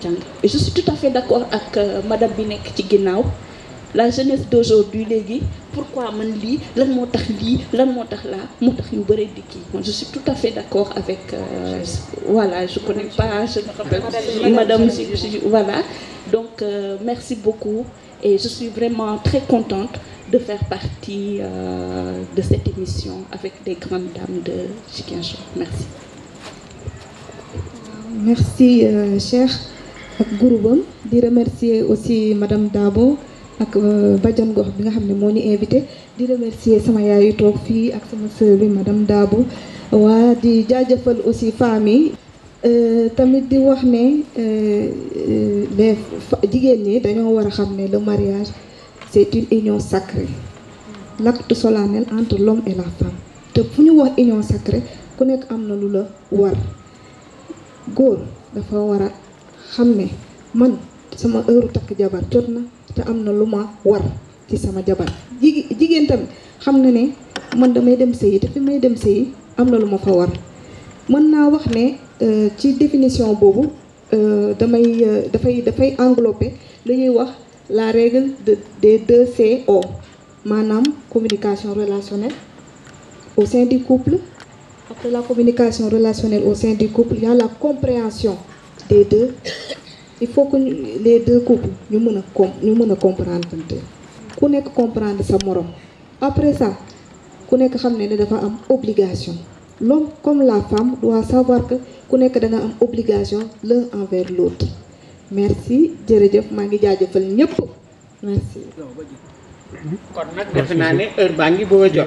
jàng et je suis tout ak euh, madame bi nekk ci ginnaaw la jeunesse d'aujourd'hui légui pourquoi man li lan motax li lan je suis tout à fait d'accord avec euh, voilà je connais pas je me rappelle madame voilà donc euh, merci beaucoup et je suis vraiment très contente de faire partie euh, de cette émission avec des grandes dames de Ziguinchor merci
merci cher Gouroubon. groupe remercier aussi madame Dabo ak euh, bajan gox bi nga xamne mo ñu invité di remercier sama yaay yu toog fii ak sama sœur bi madame dabu wa di jajeufal aussi fami euh tamit di wax ne euh, euh, les jigéen ñi dañoo war a le mariage c'est une union sacrée l'acte solennel entre l'homme et la femme te fuñu wax union sacrée ku nek amna lu la war goor dafa wara a man sama heure tak jabar jotna te amna luma ma war ci sama jabar jigi jigéen xamna ne man damay dem sey te fi may dem sey amna luma war na wax ne euh, ci définition je euh, damay euh, fay da fay li wax la règle des deux CO manam communication relationnelle au sein du couple après la communication relationnelle au sein du couple il y a la compréhension des deux il faut que les deux couples ñu mën a ñu mën comprendre ku nekk comprendre sa morom après ça ku nekk xam ne dafa am obligation l'homme comme la femme doit savoir que ku nekk da nga am obligation l'un envers l'autre merci jërëjëf Mangi ngi jaajëfal merci.
kon nak defe na ne heure baa ngi bëgg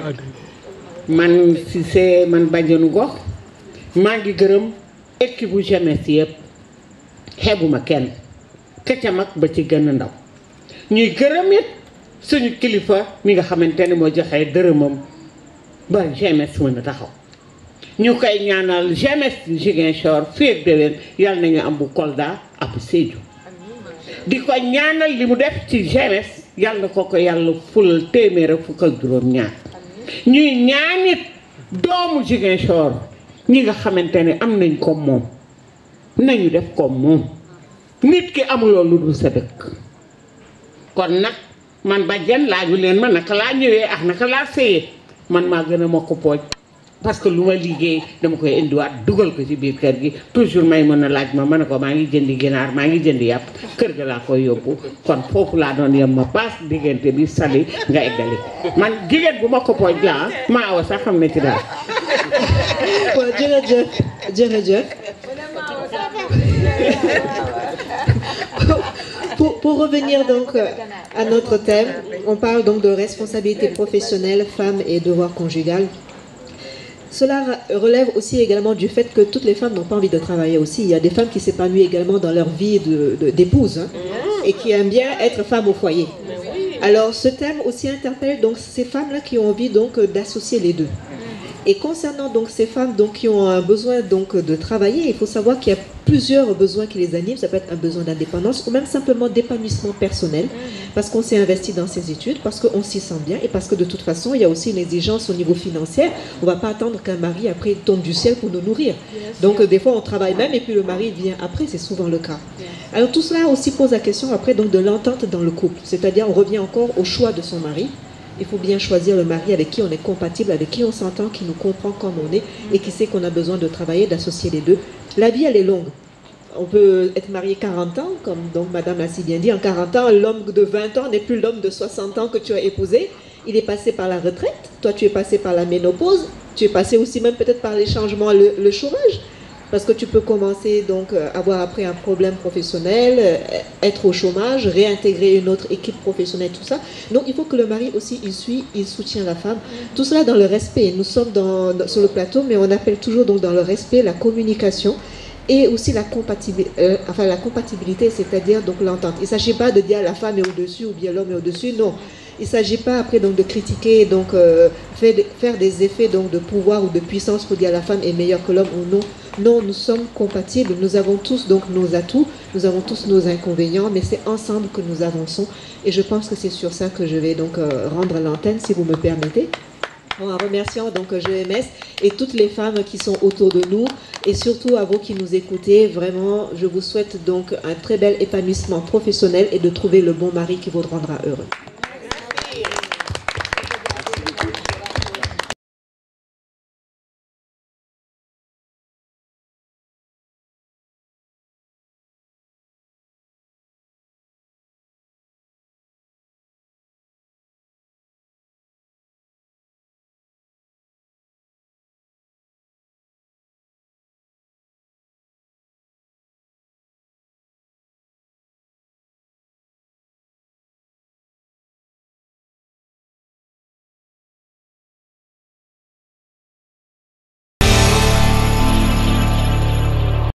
man si see man bàjjenu gox maa ngi équipe bu jeunesse xeebuma kenn ka ca ba ci gën a ndaw ñuy gërëm it suñu kilifa mi nga xamante ne moo joxee dërëmam ba GMS mën a taxaw ñu koy ñaanal GMS Ziguinchor fii ak déwén yàlla nañu am bu Kolda ab Sédhiou di ko ñaanal li mu def ci GMS yàlla na ko ko yàlla fulal téeméer ak fukk ak juróom ñuy ñaanit doomu Ziguinchor ñi nga xamante ne am nañ ko moom nañu def comme mom nit ki amuloo lu dul sa dekk kon nak man la laaju leen man nak la ñewé ak nak la man ma gëna a poj parce que luma liggéey dama koy indiwaat dugal ko ci biir kër gi toujours may mëna laaj ma mané ko ma ngi jëndi ginaar ma ngi jëndi yàpp kër ga la koy yobbu kon fofu la doon yam ma pass digënté bi sali nga égalé man jigéen bu ma poj la ma maa sax xam
jëna pour, revenir donc euh, à notre thème, on parle donc de responsabilité professionnelle, femmes et devoir conjugal. Cela relève aussi également du fait que toutes les femmes n'ont pas envie de travailler aussi. Il y a des femmes qui s'épanouissent également dans leur vie d'épouse de, hein, et qui aiment bien être femme au foyer. Alors ce thème aussi interpelle donc ces femmes-là qui ont envie donc euh, d'associer les deux. Et concernant donc ces femmes donc, qui ont un besoin donc, de travailler, il faut savoir qu'il y a plusieurs besoins qui les animent. Ça peut être un besoin d'indépendance ou même simplement d'épanouissement personnel mm. parce qu'on s'est investi dans ses études, parce qu'on s'y sent bien et parce que de toute façon, il y a aussi une exigence au niveau financier. On ne va pas attendre qu'un mari après tombe du ciel pour nous nourrir. Donc euh, des fois, on travaille même et puis le mari vient après, c'est souvent le cas. Alors tout cela aussi pose la question après donc, de l'entente dans le couple. C'est-à-dire, on revient encore au choix de son mari il faut bien choisir le mari avec qui on est compatible, avec qui on s'entend, qui nous comprend comme on est et qui sait qu'on a besoin de travailler, d'associer les deux. La vie, elle est longue. On peut être marié 40 ans, comme donc Madame l'a si bien dit. En 40 ans, l'homme de 20 ans n'est plus l'homme de 60 ans que tu as épousé. Il est passé par la retraite. Toi, tu es passé par la ménopause. Tu es passé aussi même peut-être par les changements, le, le chômage. Parce que tu peux commencer donc euh, avoir après un problème professionnel, euh, être au chômage, réintégrer une autre équipe professionnelle, tout ça. Donc il faut que le mari aussi il suit, il soutient la femme. Tout cela dans le respect. Nous sommes dans, sur le plateau, mais on appelle toujours donc dans le respect, la communication et aussi la compatibilité, euh, enfin la compatibilité, c'est-à-dire donc l'entente. Il ne s'agit pas de dire la femme est au-dessus ou bien l'homme est au-dessus, non. Il ne s'agit pas après donc de critiquer, donc euh, faire, des effets donc de pouvoir ou de puissance pour dire la femme est meilleure que l'homme ou non. Non, nous sommes compatibles. Nous avons tous donc nos atouts, nous avons tous nos inconvénients, mais c'est ensemble que nous avançons. Et je pense que c'est sur ça que je vais donc euh, rendre l'antenne, si vous me permettez. en remerciant donc euh, GMS et toutes les femmes qui sont autour de nous et surtout à vous qui nous écoutez, vraiment, je vous souhaite donc un très bel épanouissement professionnel et de trouver le bon mari qui vous rendra heureux.